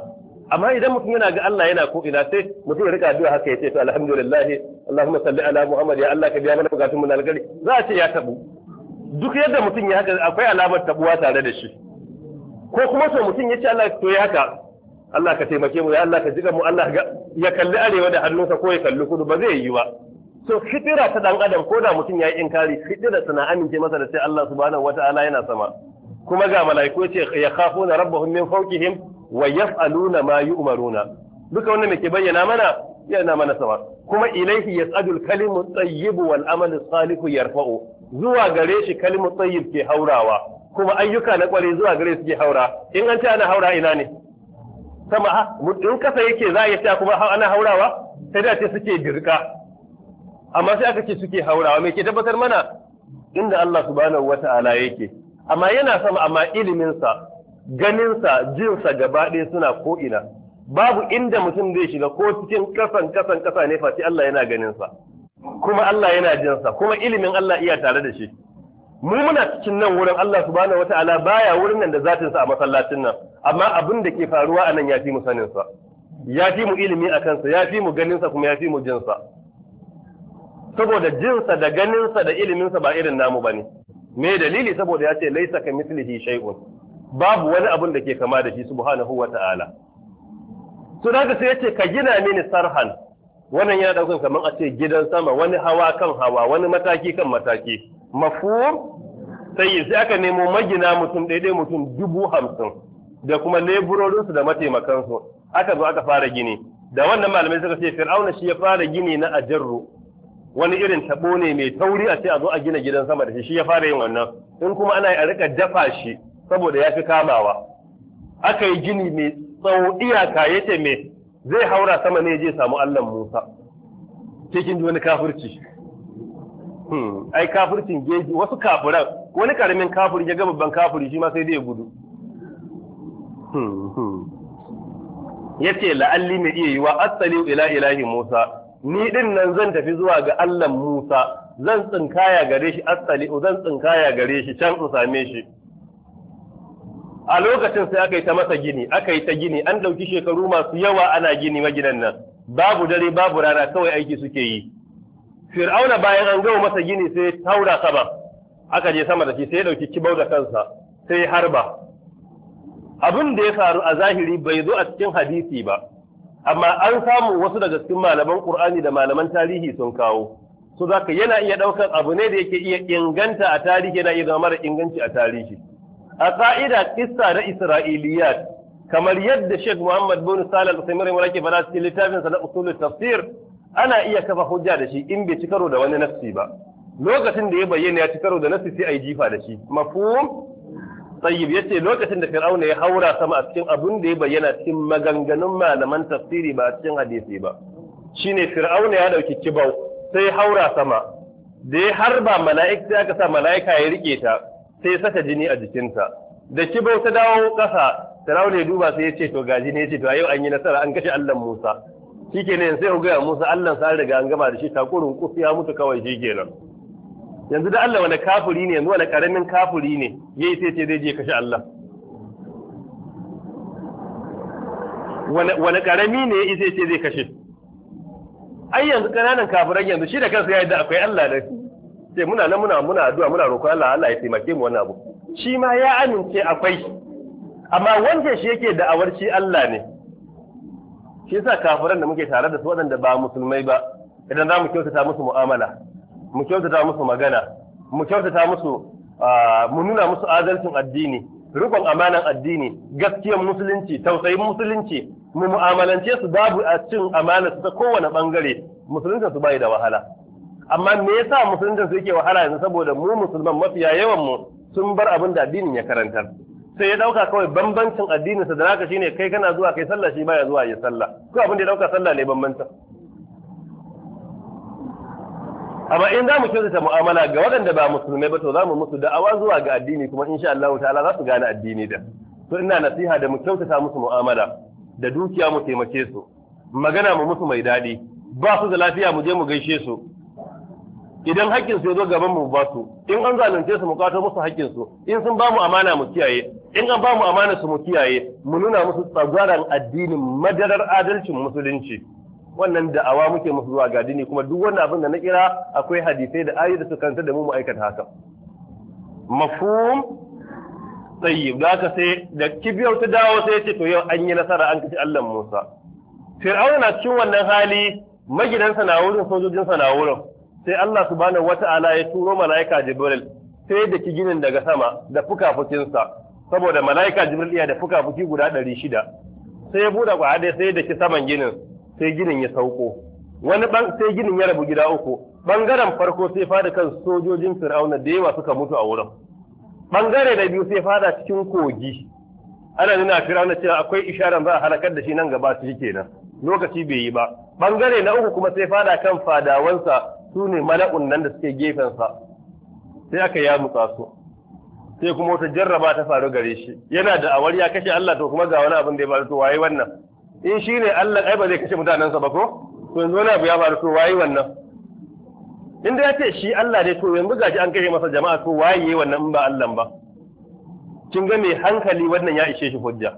amma idan mutum yana ga Allah yana ko ina sai mutum ya rika addu'a haka yace to alhamdulillah Allahumma salli ala Muhammad ya Allah ka biya mana bukatun mu na za a ce ya tabu duk yadda mutum ya haka akwai alamar tabuwa tare da shi ko kuma so mutum ya ce Allah to ya haka Allah ka taimake mu ya Allah ka jiga mu Allah ya kalli arewa da hannunsa ko ya kalli kudu ba zai yi ba so fitira ta dan adam ko da mutum ya yi inkari fitira tana amince masa da sai Allah subhanahu wata'ala yana sama kuma ga mala'iku ce ya na rabbahum min fawqihim wa yaf'aluna ma yu'maruna duka wannan ke bayyana mana yana mana sama kuma ilaihi yas'adul kalimu tayyibu wal amalu salihu yarfa'u zuwa gare shi kalimu tsayyib ke haurawa kuma ayyuka na kware zuwa gare su ke haura in an ce ana haura ina ne sama in kasa yake za a iya kuma ana haurawa sai da ce suke dirka amma sai aka ce suke haurawa me ke tabbatar mana inda Allah subhanahu wata'ala yake amma yana sama amma iliminsa ganinsa jinsa gaba ɗaya suna ko ina babu inda mutum zai shiga ko cikin kasan kasan kasa ne sai Allah yana ganin sa kuma Allah yana jinsa kuma ilimin Allah iya tare da shi mu muna cikin nan wurin Allah subhanahu wataala baya wurin nan da zatin sa a masallacin nan amma abin da ke faruwa anan ya fi mu sanin sa ya fi mu ilimi a kansa ya fi mu ganin sa kuma ya fi mu jin sa saboda jin sa da ganin sa da ilimin sa ba irin namu bane me dalili saboda ya ce laisa ka mislihi shay'un babu wani abin da ke kama da shi subhanahu wataala to daga sai ce ka gina mini sarhan wannan yana daukan kamar a ce gidan sama wani hawa kan hawa wani mataki kan mataki mafhum sai sai aka nemo magina mutum daidai mutum dubu hamsin da kuma leburorinsu da mataimakansu aka zo aka fara gini da wannan malamai suka ce fir'auna shi ya fara gini na ajarru wani irin tabo ne mai tauri a ce a zo a gina gidan sama da shi shi ya fara yin wannan in kuma ana a rika dafa shi saboda ya fi kamawa aka yi gini mai tsawo iyaka yace mai zai haura sama ne je samu Allah Musa cikin wani kafirci hmm, ai kafircin geji wasu kafiran wani karamin kafiri ya ga babban kafiri shi ma sai dai ya gudu hmm, hmm. yace la'alli mai iya yiwa asali ila ilahi Musa ni din nan zan tafi zuwa ga Allah Musa zan tsinkaya gare shi asali zan tsinkaya gare shi can in same shi a lokacin sai aka yi ta masa gini aka yi ta gini an ɗauki shekaru masu yawa ana gini maginan nan babu dare babu rana kawai aiki suke yi fir'auna bayan an gama masa gini sai taura sama aka je sama da shi sai ya ɗauki kibau da kansa sai harba abin da ya faru a zahiri bai zo a cikin hadisi ba amma an samu wasu daga cikin malaman qur'ani da malaman tarihi sun kawo so zaka yana iya ɗaukar abu ne da yake iya inganta a tarihi yana iya zama mara inganci a tarihi a ƙa'ida, kissa na isra'iliya kamar yadda Sheikh Muhammad bin Salih Al-Uthaymeen rahimahullah ke faɗa cikin littafinsa na usulul tafsir ana iya kafa hujja da shi in bai ci da wani nafsi ba lokacin da ya bayyana ya ci da nafsi sai a jifa da shi mafhum tayyib yace lokacin da fir'auna ya haura sama a cikin abun da ya bayyana cikin maganganun malaman tafsiri ba a cikin hadisi ba shine fir'auna ya dauki kibau sai haura sama da ya harba mala'ik sai aka sa mala'ika ya rike ta sai saka jini a jikinta da kibau ta dawo ƙasa Sarauni ya duba sai ya ce to gaji ne ya ce to a yau an yi nasara an kashe Allah Musa shikenan sai ku gaya Musa Allah sa riga an gama da shi takurin kuf ya mutu kawai shikenan yanzu da Allah wani kafuri ne yanzu wani karamin kafuri ne yayi sai ce zai je kashe Allah wani karami ne ya sai ce zai kashe ai yanzu kananan kafiran yanzu shi da kansa ya yi da akwai Allah da sai muna nan muna muna addu'a muna roƙon Allah Allah ya taimake mu wannan abu shi ma ya amince akwai amma wanda shi yake da awarci Allah ne shi yasa kafiran da muke tare da su waɗanda ba musulmai ba idan za mu kyautata musu mu'amala mu kyautata musu magana mu kyautata musu mu nuna musu adalcin addini rikon amanan addini gaskiyar musulunci tausayin musulunci mu mu'amalance su babu a cin amana su ta kowane bangare musulunci su bai da wahala amma me yasa musulunci su yake wahala yanzu saboda mu musulman mafiya yawan mu sun bar abin da addinin ya karantar sai ya dauka kawai bambancin addinin sa da naka shine kai kana zuwa kai sallah shi baya zuwa yi sallah ko abin da ya dauka sallah ne bambancin amma in za mu kyautata mu'amala ga waɗanda ba musulmai ba to za mu musu da'awa zuwa ga addini kuma insha Allah ta'ala za su gane addini da to ina nasiha da mu kyautata musu mu'amala da dukiya mu taimake su magana mu musu mai daɗi ba su da lafiya mu je mu gaishe su idan hakkin su ya zo gaban mu ba su in an zalunce su mu kwato musu hakkin su in sun ba mu amana mu kiyaye in an ba mu amana su mu kiyaye mu nuna musu tsagwaran addinin madarar adalcin musulunci wannan da'awa muke musu zuwa ga dini kuma duk wani abin da na kira akwai hadisai da ayyuka da su kanta da mu mu aikata haka mafhum tayyib da ka sai da kibiyar ta dawo sai ce to yau an yi nasara an kashi Allah Musa fir'auna na cikin wannan hali magidansa na wurin sojojinsa na wurin sai Allah su wata ala ya turo mala'ika Jibril sai da ginin daga sama da fukafukinsa saboda mala'ika Jibril iya da fukafuki guda ɗari shida sai ya buɗe kwaya sai da ki saman ginin sai ginin ya sauko wani ban sai ginin ya rabu gida uku bangaren farko sai fada kan sojojin Fir'auna da yawa suka mutu a wurin bangare da biyu sai fada cikin kogi ana nuna Fir'auna cewa akwai isharar za a halakar da shi nan gaba shi kenan lokaci bai yi ba bangare na uku kuma sai fada kan fadawansa su ne mala'un nan da suke gefensa sai aka ya mutsa su sai kuma wata jarraba ta faru gare shi yana da awar ya kashe Allah to kuma ga wani abin da ya faru to waye wannan in shi ne Allah ai ba zai kashe mutanensa ba ko to yanzu wani abu ya faru to waye wannan in da ya ce shi Allah ne to yanzu gaji an kashe masa jama'a to waye wannan in ba Allah ba kin ga mai hankali wannan ya ishe shi hujja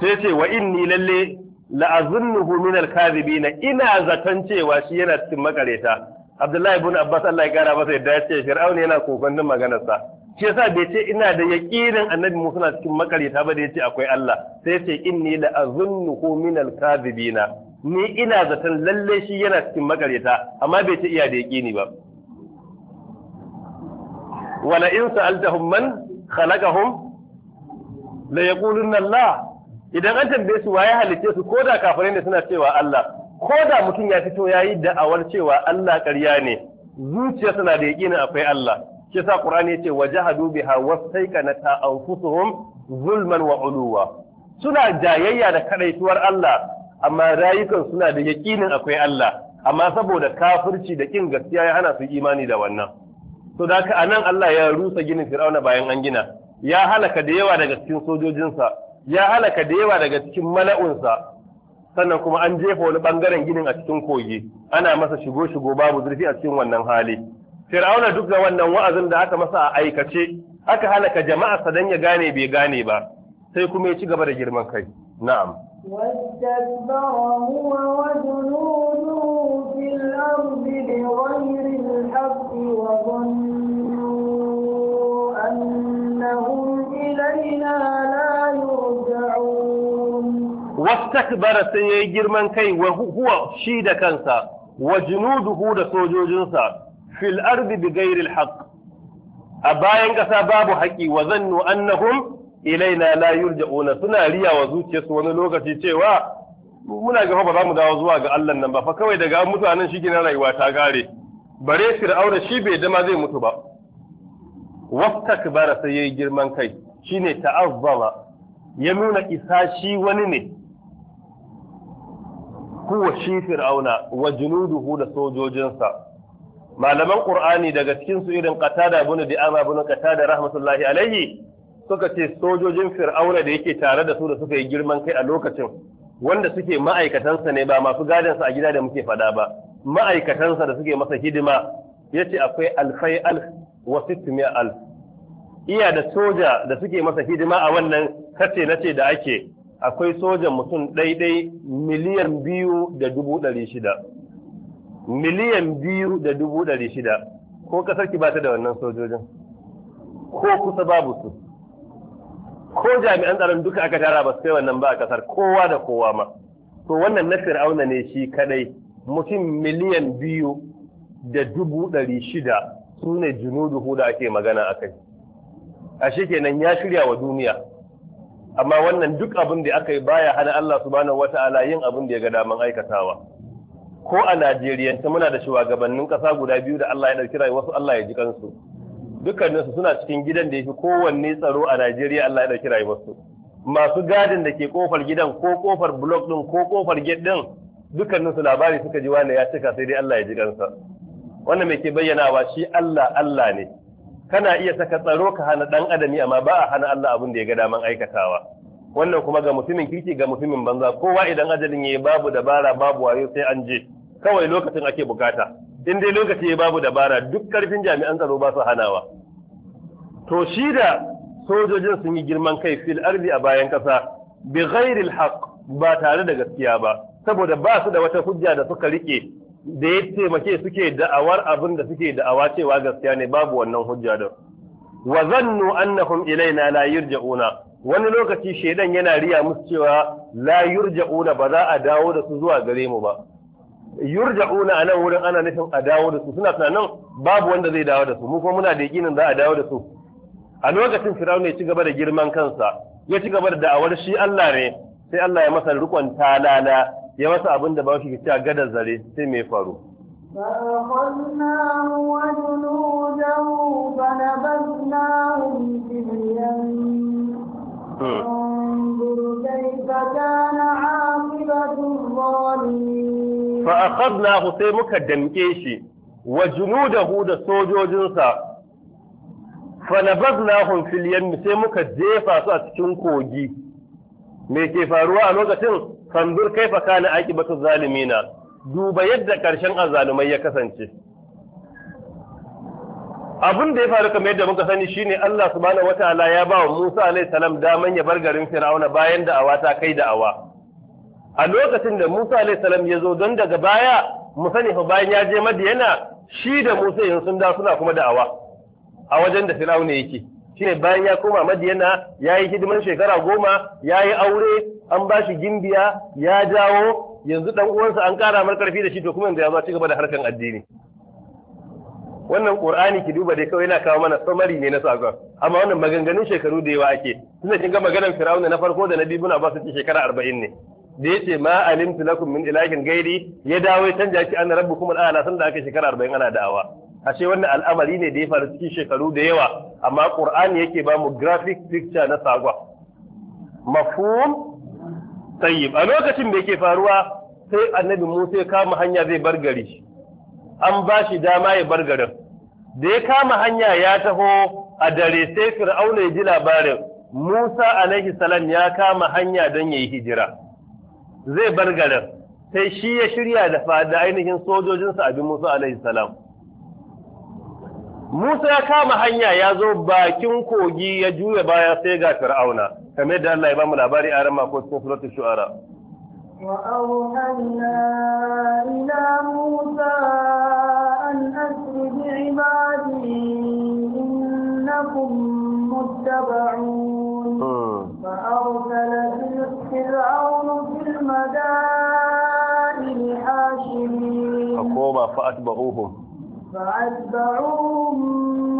sai ce wa inni lalle la'azunnuhu min al-kadhibina ina zaton cewa shi yana cikin makareta Abdullahi ibn Abbas Allah ya gara masa yadda ya ce Fir'aun yana kokarin maganar sa shi yasa bai ce ina da yaqinin Annabi Musa na cikin makareta ba da yace akwai Allah sai yace inni la'azunnuhu min al-kadhibina ni ina zaton lalle shi yana cikin makareta amma bai ce iya da yaqini ba wala in sa'altahum man khalaqahum la yaqulunna Allah idan an tambaye su waye halitte su ko da kafirai ne suna cewa Allah ko da mutum ya fito ya yi da'awar cewa Allah ƙarya ne zuciya suna da yaƙinin akwai Allah shi yasa Qur'ani yace wajahadu biha ta anfusuhum zulman wa uluwa suna jayayya da kadaituwar Allah amma rayukan suna da yaƙinin akwai Allah amma saboda kafirci da kin gaskiya ya hana su imani da wannan to da haka anan Allah ya rusa ginin Fir'auna bayan an gina ya halaka da yawa daga cikin sojojinsa ya halaka da yawa daga cikin mala'unsa sannan kuma an jefa wani bangaren ginin a cikin kogi ana masa shigo shigo babu zurfi a cikin wannan hali fir'auna duk da wannan wa'azin da aka masa a aikace aka halaka jama'a sadan ya gane bai gane ba sai kuma ya ci gaba da girman kai na'am واستكبر أنهم إلينا لا يرجعون wastakbara sai yayi girman kai wa huwa shi da kansa wa junuduhu da sojojinsa fil ardi bighairi alhaq a bayan kasa babu haƙi wa zannu annahum ilaina la yurja'una suna riya wa zuciyarsu wani lokaci cewa muna ga ba za mu dawo zuwa ga Allah nan ba fa kawai daga mutanen shi gina rayuwa ta gare bare fir'auna shi bai dama zai mutu ba wastakbara sai yayi girman kai shine ta'azzama ya nuna isa shi wani ne kuwa shi fir'auna wa junuduhu da sojojinsa malaman qur'ani daga cikin su irin qatada ibn di'ama ibn qatada rahmatullahi alaihi suka ce sojojin fir'auna da yake tare da su da suka yi girman kai a lokacin wanda suke ma'aikatansa ne ba masu gadansa a gida da muke fada ba ma'aikatansa da suke masa hidima yace akwai alfai alf wa alf iya da soja da suke masa hidima a wannan kace na ce da ake akwai sojan mutum ɗaiɗai miliyan biyu da dubu ɗari shida miliyan biyu da dubu ɗari shida ko ƙasar ki ba ta da wannan sojojin ko kusa babu su ko jami'an tsaron duka aka tara ba su kai wannan ba a ƙasar kowa da kowa ma to wannan na fir'auna ne shi kadai mutum miliyan biyu da dubu ɗari shida su ne junuduhu da ake magana a kai a kenan ya shirya wa duniya amma wannan duk abin da aka yi baya hana Allah subhanahu wata'ala yin abin da ya ga daman aikatawa ko a Najeriya ta muna da shugabannin kasa guda biyu da Allah ya dauki rai wasu Allah ya ji kansu dukkanin suna cikin gidan da ya fi kowanne tsaro a Najeriya Allah ya dauki rai wasu masu gadin da ke kofar gidan ko kofar blok ɗin, ko ƙofar gate din dukkanin labari suka ji wani ya cika sai dai Allah ya ji kansa wannan me ke bayyana wa shi Allah Allah ne kana iya saka tsaro ka hana dan adami amma ba a hana Allah abin da ya ga daman aikatawa wannan kuma ga mutumin kirki ga mutumin banza kowa idan ajalin ya yi babu dabara babu wayo sai an je kawai lokacin ake bukata in dai lokaci yayi babu dabara duk karfin jami'an tsaro ba su hanawa to shi da sojojin sun yi girman kai fil arzi a bayan kasa bi ghairil haqq ba tare da gaskiya ba saboda ba su da wata hujja da suka rike da ya taimake suke da'awar abin da suke da'awa cewa gaskiya ne babu wannan hujja din wa zannu annahum ilaina la yurja'una wani lokaci shedan yana riya musu cewa la yurja'una ba za a dawo da su zuwa gare mu ba yurja'una a nan wurin ana nufin a dawo da su suna tunanin babu wanda zai dawo da su mu kuma muna da yakinin za a dawo da su a lokacin firawun ya ci gaba da girman kansa ya ci gaba da da'awar shi Allah ne sai Allah ya masa rukun talala ya masa abin da ba shi cewa gadar zare sai mai faru فأخذناه وجنوده فنبذناهم في اليم انظر كيف كان عاقبة الظالمين فأخذناه sai muka damke shi wa junudahu da hu da sojojinsa na fil yam sai muka jefa su a cikin kogi me ke faruwa a lokacin kai na kana aqibatu zalimina duba yadda karshen azalumai ya kasance abin da ya faru kamar yadda muka sani shine Allah subhanahu wataala ya ba wa Musa alaihi salam daman ya bar garin Fir'auna bayan da awa ta kai da awa a lokacin da Musa alaihi salam ya zo don daga baya mu sani fa bayan ya je Madiyana shi da Musa yanzu sun da suna kuma da'awa a wajen da Fir'auna yake shine bayan ya koma madiyana ya yi hidiman shekara goma ya yi aure an ba shi gimbiya ya jawo yanzu dan uwansa an kara mar karfi da shi to kuma yanzu ya zo ci gaba da harkan addini wannan qur'ani ki duba dai kawai yana kawo mana samari ne na sakon amma wannan maganganun shekaru da yawa ake tunda kin ga maganar firawuna na farko da na biyu muna ba su ci shekara arba'in ne da yace ma alimtu lakum min ilahin gairi ya dawo ya canja ki ana rabbukum al'ala san da aka shekara arba'in ana da'awa ashe wannan al'amari ne da ya faru cikin shekaru da yawa amma qur'ani yake ba mu graphic picture na sagwa mafhum tayyib a lokacin da yake faruwa sai annabi Musa ya kama hanya zai bar gari an ba shi dama ya bar garin da ya kama hanya ya taho a dare sai fir'auna ya ji labarin Musa alaihi salam ya kama hanya don ya yi hijira zai bar garin sai shi ya shirya da fada ainihin sojojinsa a bi Musa alaihi salam Musa ya kama hanya ya zo bakin kogi ya juya baya sai ga Fir'auna kamar da Allah ya ba labari a ran mako cikin suratul shu'ara وأوحينا إلى موسى أن أسر بعبادي إنكم متبعون فأرسل فرعون في المدائن حاشرين فقوما فأتبعوهم فأتبعوهم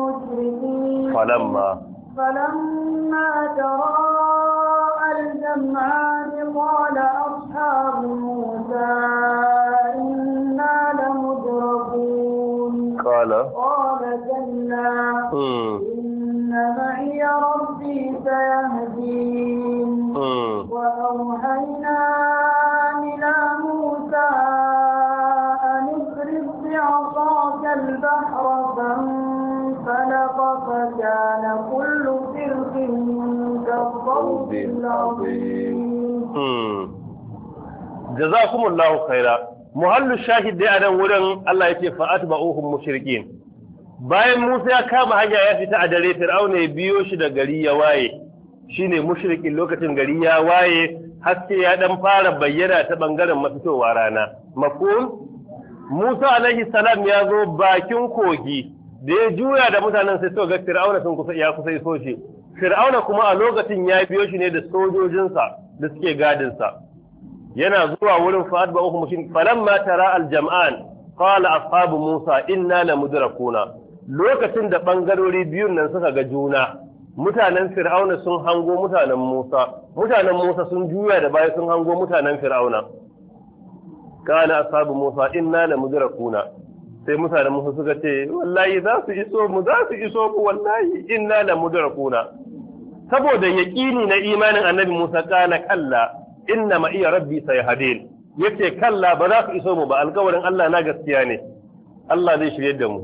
مشركين فلما فلما تراءى الجمعان قال أصحاب موسى إنا لمدركون قال قال كلا إن معي ربي سيهدين وأوحينا البحر فانفلق فكان كل فرق كالصوت العظيم جزاكم الله خيرا muhallu shahid dai a nan wurin Allah ya ce fa'at mushrikin bayan Musa ya kama hanya ya fita a dare Fir'auna ya biyo shi da gari ya waye shine mushrikin lokacin gari ya waye haske ya dan fara bayyana ta ɓangaren mafitowa rana mafhum Musa alaihi salam ya zo bakin kogi da ya juya da mutanen sai suka ga Fir'auna sun kusa ya kusa iso shi. Fir'auna kuma a lokacin ya biyo shi ne da sojojinsa da suke gadinsa. Yana zuwa wurin fa'ad ba uku mushin falamma tara al-jam'an qala ashabu Musa inna la mudrakuna. Lokacin da bangarori biyun nan suka ga juna, mutanen Fir'auna sun hango mutanen Musa, mutanen Musa sun juya da baya sun hango mutanen Fir'auna. kana asabu musa inna la mudrakuna sai musa da musa suka ce wallahi za su iso mu za su iso ku wallahi inna la mudrakuna saboda yaqini na imanin annabi musa kana kalla inna ma iya rabbi sayhadin yace kalla ba za su iso mu ba alƙawarin Allah na gaskiya ne Allah zai shirye da mu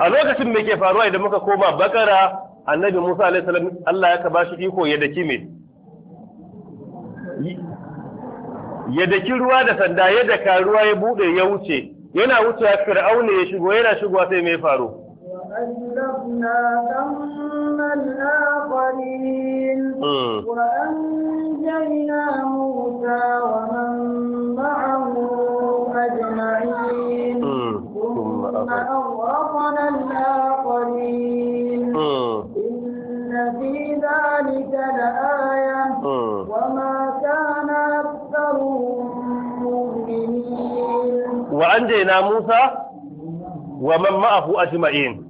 a lokacin me ke faruwa idan muka koma bakara annabi Musa alaihi salam Allah ya ka bashi iko ya daki mai ya daki ruwa da sanda ya daka ruwa ya bude ya wuce yana wuce wucewa fir'auna ya shigo yana shigowa sai mai faru hmm. hmm. ثم أغرقنا الآخرين hmm. في ذلك لآية وما كان أكثرهم مؤمنين وأنجينا موسى ومن معه أجمعين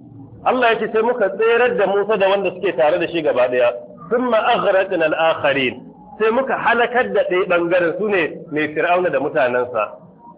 Allah ya ce sai muka tserar da Musa da wanda suke tare da shi gaba ɗaya, sun ma'agharatun al'akharin sai muka halakar da ɗaya ɓangaren su ne mai fir'auna da mutanensa.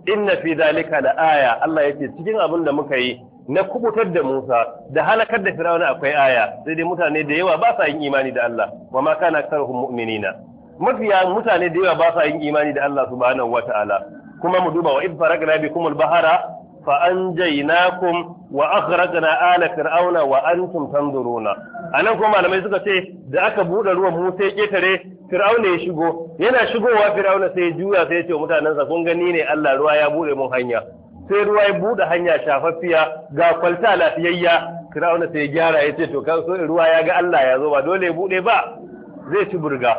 Inna fi zalika da aya Allah ya ce cikin abin da muka yi na kubutar da Musa da halakar da Fir'auna akwai aya sai dai mutane da yawa ba sa yin imani da Allah wa ma kana aktsaruhum mu'minina mafiya mutane da yawa ba sa yin imani da Allah subhanahu wa ta'ala kuma mu duba wa id faragna bikum al-bahara fa anjaynakum wa akhrajna ala fir'auna wa antum tanzuruna anan kuma malamai suka ce da aka bude ruwan Musa ya ketare Fir'auna ya shigo yana shigowa Fir'auna sai ya juya sai ya ce mutanansa kun gani ne Allah ruwa ya bude mun hanya sai ruwa ya buɗe hanya shafaffiya ga kwalta lafiyayya Fir'auna sai gyara ya ce to kan so ruwa ya ga Allah ya zo ba dole ya buɗe ba zai ci burga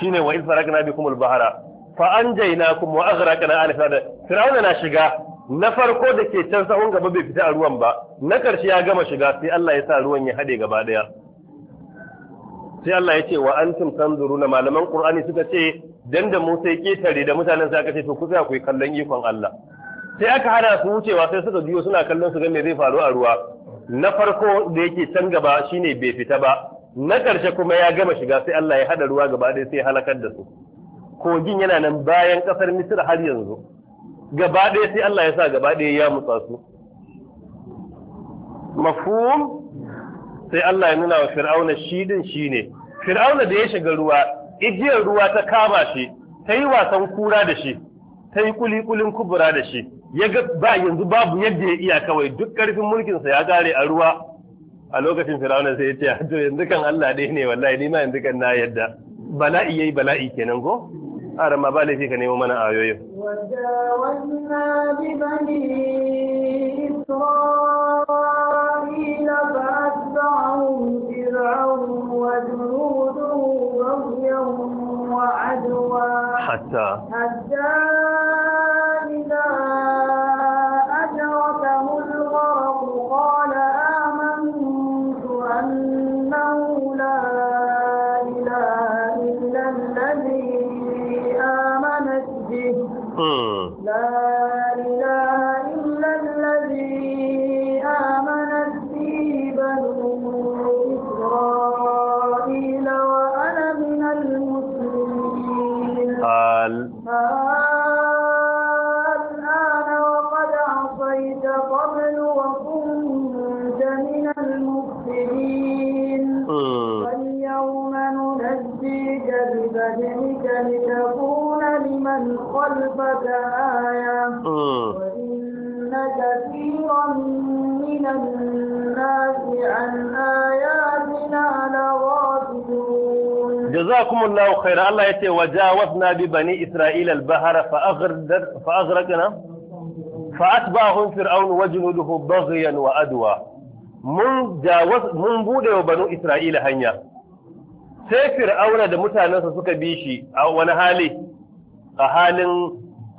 shine wa ilfarakna bi al-bahra fa anjaynakum wa aghraqna ala fir'auna fir'auna na shiga na farko da ke can sahun gaba bai fita a ruwan ba na karshe ya gama shiga sai Allah ya sa ruwan ya hade gaba ɗaya. sai Allah ya ce wa antum tanzuruna malaman Qur'ani suka ce dan da Musa ya ketare da mutanen sa aka ce to ku za ku yi kallon ikon Allah sai aka hana su wucewa sai suka biyo suna kallon su ga me zai faru a ruwa na farko da yake can gaba shine bai fita ba na ƙarshe kuma ya gama shiga sai Allah ya hada ruwa gaba ɗaya sai halakar da su kogin yana nan bayan ƙasar Misir har yanzu gaba ɗaya sai Allah ya sa gaba ɗaya ya mutsa su mafhum sai Allah ya nuna wa fir'auna shi din shine fir'auna da ya shiga ruwa igiyar ruwa ta kama shi ta yi wasan kura da shi ta yi kulikulin kubura da shi ya ga ba yanzu babu yadda ya iya kawai duk karfin mulkinsa ya kare a ruwa a lokacin fir'auna sai ya ce ah, to yanzu kan Allah ɗaya ne wallahi ni ma yanzu kan na yadda bala'i yayi bala'i kenan ko arama ba laifi ka nemo mana ayoyin وجاوزنا ببني إسرائيل فأتبعهم فرعون وجنوده بغيا وعدوا حتى حتى إذا 嗯。من خلفك آية وإن كثيرا من الناس عن آياتنا لغافلون جزاكم الله خيرا الله يتي وجاوزنا ببني إسرائيل البحر فأغرقنا فأتبعهم فرعون وجنوده بغيا وأدوى mun jawaz mun bude wa banu Isra'ila hanya sai Fir'auna da mutanensa suka bi shi a wani hali a halin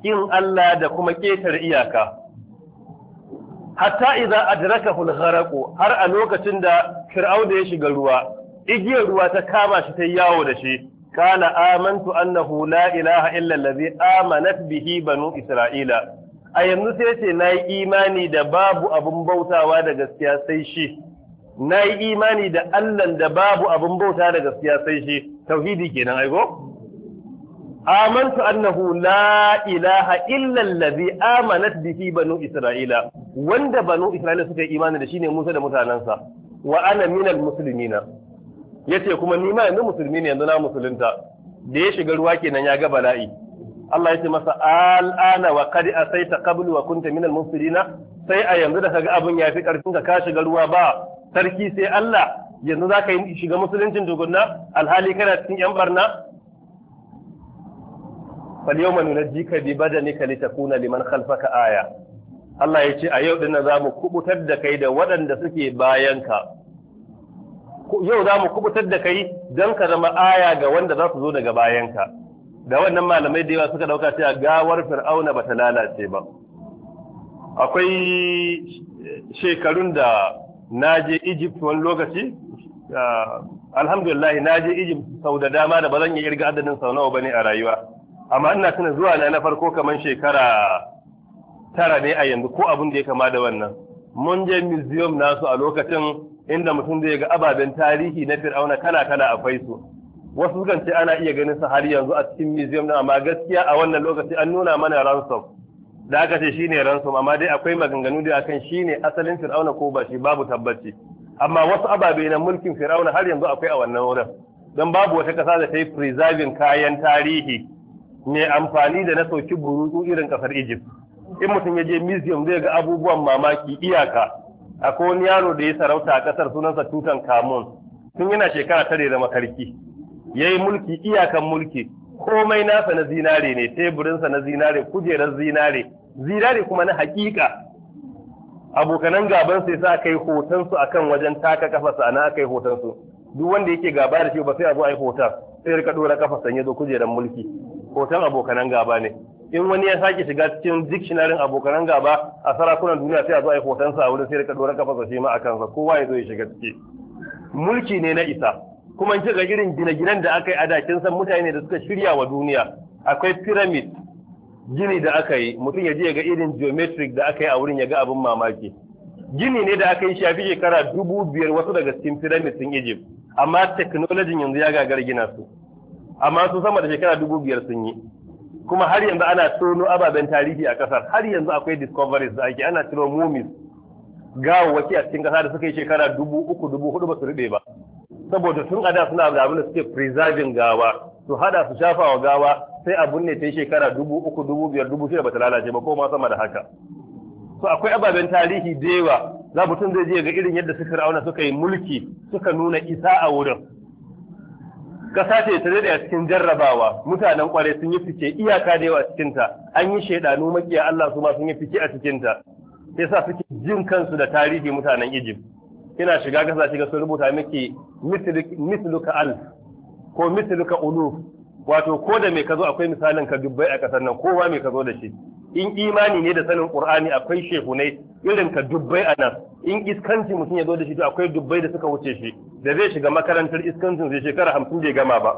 kin Allah da kuma ƙetar iyaka hatta iza adrakahu al har a lokacin da fir'auna ya shiga ruwa igiyar ruwa ta kama shi ta yawo da shi kana amantu annahu la ilaha illa amanat bihi banu isra'ila a yanzu sai ce na yi imani da babu abun bautawa da gaskiya sai shi nayi imani da Allah da babu abun bauta da gaskiya sai shi tauhidi kenan aigo amantu annahu la'ilaha ilaha illa allazi amanat isra'ila wanda banu isra'ila suka yi imani da shi ne Musa da mutanansa wa ana minal muslimina yace kuma ni ma yanzu musulmi yanzu na musulunta da ya shiga ruwa kenan ya ga bala'i Allah ya ce masa al'ana wa qad asaita qablu kunta minal mufsidina sai a yanzu da kaga abin ya fi karfin ka ka shiga ruwa ba sarki sai Allah yanzu za ka shiga musuluncin tukunna alhali kana cikin yan barna ma yawma nunajjika bi badanika litakuna liman khalfaka aya Allah ya ce a yau za zamu kubutar da kai da waɗanda suke bayanka yau za mu kubutar da kai don ka zama aya ga wanda za su zo daga bayanka da wannan malamai da yawa suka dauka cewa gawar fir'auna ba ta lalace ba akwai shekarun da na je egypt wani lokaci alhamdulillah na je egypt sau da dama da ba zan iya irga adadin sau nawa ne a rayuwa amma ina tuna zuwa na na farko kamar shekara tara ne a yanzu ko abin da ya kama da wannan mun je museum nasu a lokacin inda mutum zai ga ababen tarihi na fir'auna kala kala a su wasu sukan ce ana iya ganin su har yanzu a cikin museum na amma gaskiya a wannan lokaci an nuna mana ransom da aka ce shine ransom amma dai akwai maganganu da akan shine asalin fir'auna ko ba shi babu tabbaci amma wasu ababe na mulkin fir'auna har yanzu akwai a wannan wurin don babu wata kasa da ta yi preserving kayan tarihi mai amfani da na sauki burutu irin kasar Egypt in mutum ya je museum zai ga abubuwan mamaki iyaka akwai wani yaro da ya sarauta a kasar sunansa tutan kamun tun yana shekara tare da makarki ya yi mulki iyakan mulki komai nasa na zinare ne teburinsa na zinare kujerar zinare zinare kuma na hakika abokanan gaban ya sa kai hotonsu a kan wajen taka kafa sana aka yi hoton duk wanda yake gaba da shi ba sai abu a yi hoton sai rika ɗora kafa sanye zo kujerar mulki hoton abokanan gaba ne in wani ya sake shiga cikin dictionarin abokanan gaba a sarakunan duniya sai a zo a yi hoton sa wurin sai da dora kafa shi ma a kansa kowa ya zo ya shiga ciki mulki ne na isa kuma in ga irin gine-ginen da aka yi a dakin san mutane da suka shirya wa duniya akwai pyramid gini da aka yi mutum ya je ya ga irin geometric da aka yi a wurin ya ga abin mamaki gini ne da aka yi shafi shekara dubu biyar wasu daga cikin pyramid sun Egypt amma technology yanzu ya gagara gina su amma sun sama da shekara dubu biyar sun yi kuma har yanzu ana tono ababen tarihi a kasar har yanzu akwai discoveries da ake ana ciro mummies gawawwaki a cikin kasa da suka yi shekara dubu uku dubu hudu ba su rube ba saboda tun a da suna da abin da suke preserving gawa su hada su shafa wa gawa sai abun ne ta shekara dubu uku dubu biyar dubu shida ba ta lalace ba ko ma sama da haka so akwai ababen tarihi da yawa za mutum zai je ga irin yadda suka fir'auna suka yi mulki suka nuna isa a wurin Kasa ce ta daɗe a cikin jarrabawa mutanen ƙware sun yi fice iyaka da yawa a cikinta an yi shaidanu makiya Allah su ma sun yi fice a cikinta yasa suke jin kansu da tarihi mutanen Egypt kina shiga ƙasa shiga sun rubuta miki misluka al ko misluka uluf wato ko da mai kazo akwai misalin ka dubbai a ƙasar nan kowa mai kazo da shi in imani ne da sanin qur'ani akwai ne irin ka dubbai a nan in iskanci mutum ya zo da shi to akwai dubbai da suka wuce shi da zai shiga makarantar iskancin zai shekara hamsin bai gama ba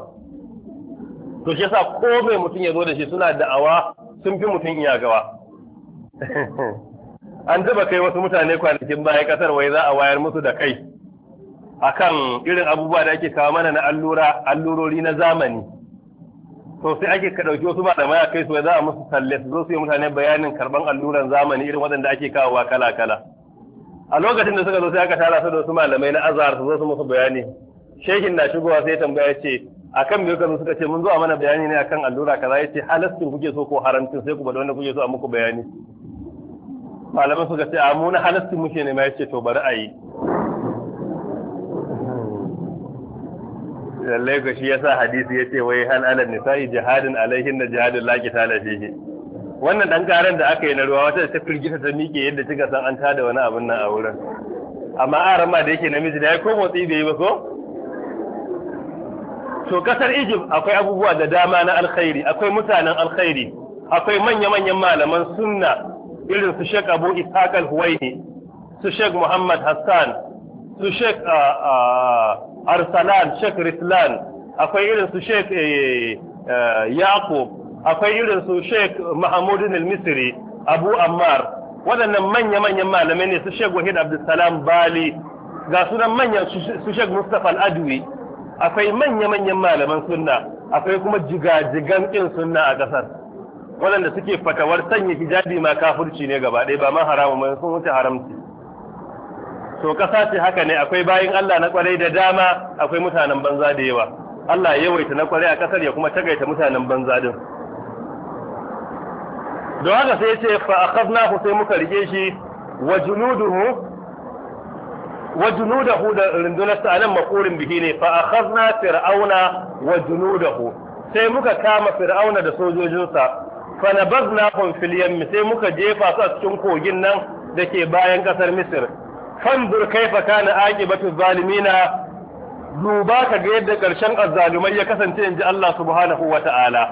to shi yasa ko mai mutum ya zo da shi suna da'awa sun fi mutum iya gawa an taba kai wasu mutane kwanakin baya kasar wai za a wayar musu da kai akan irin abubuwa da ake kawo mana na allura allurori na zamani to sai ake ka dauki wasu malamai a kai su za a musu talle su zo su yi mutane bayanin karban alluran zamani irin waɗanda ake kawowa kala kala a lokacin da suka zo sai aka tara su da wasu malamai na azhar su zo su musu bayani shehin na shigowa sai tambaya ce akan me kan suka ce mun zo a mana bayani ne akan allura kaza yace halastin kuke so ko haramcin sai ku bada wanda kuke so a muku bayani malamai suka ce a mu na halastin muke ne ma yace to bari a yi lallai ga shi yasa hadisi yace wai hal ala nisa'i jihadin alaihin na jihadin la qitala fihi wannan dan karan da aka yi na ruwa wata ta firgita ta mike yadda kika san an tada wani abun nan a wurin amma aran ma da yake namiji da ya ko motsi bai yi ba ko to kasar Egypt akwai abubuwa da dama na alkhairi akwai mutanen alkhairi akwai manya-manyan malaman sunna irin su Sheikh Abu Ishaq al-Huwaini su Sheikh Muhammad Hassan su sheikh arsalan sheikh rislan akwai irin su sheikh eh, eh, Yaqub akwai irin su sheikh mahamudin al-misri abu ammar waɗannan manya-manyan malamai ne su sheikh wahid abdulsalam bali ga sunan manya su sheikh mustapha al-adwi akwai manya-manyan malaman sunna akwai kuma jigajigan ɗin sunna a ƙasar waɗanda suke fatawar sanya hijabi ma kafurci ne gaba ɗaya ba ma haramun sun wuce haramci to ƙasa ce haka ne akwai bayan Allah na kwarai da dama akwai mutanen banza da yawa Allah ya yawaita na kwarai a ƙasar ya kuma tagaita mutanen banza din don haka sai ce fa ku sai muka rike shi wa junuduhu wa junudahu da a anan maqurin biki ne fa akhadna fir'auna wa junudahu sai muka kama fir'auna da sojojinsa fa nabaznahum fil yamm sai muka jefa su a cikin kogin nan da ke bayan ƙasar misir fanzur kaifa kana aqibatu zalimina duba ka ga yadda karshen azzalumai ya kasance inji Allah subhanahu wata'ala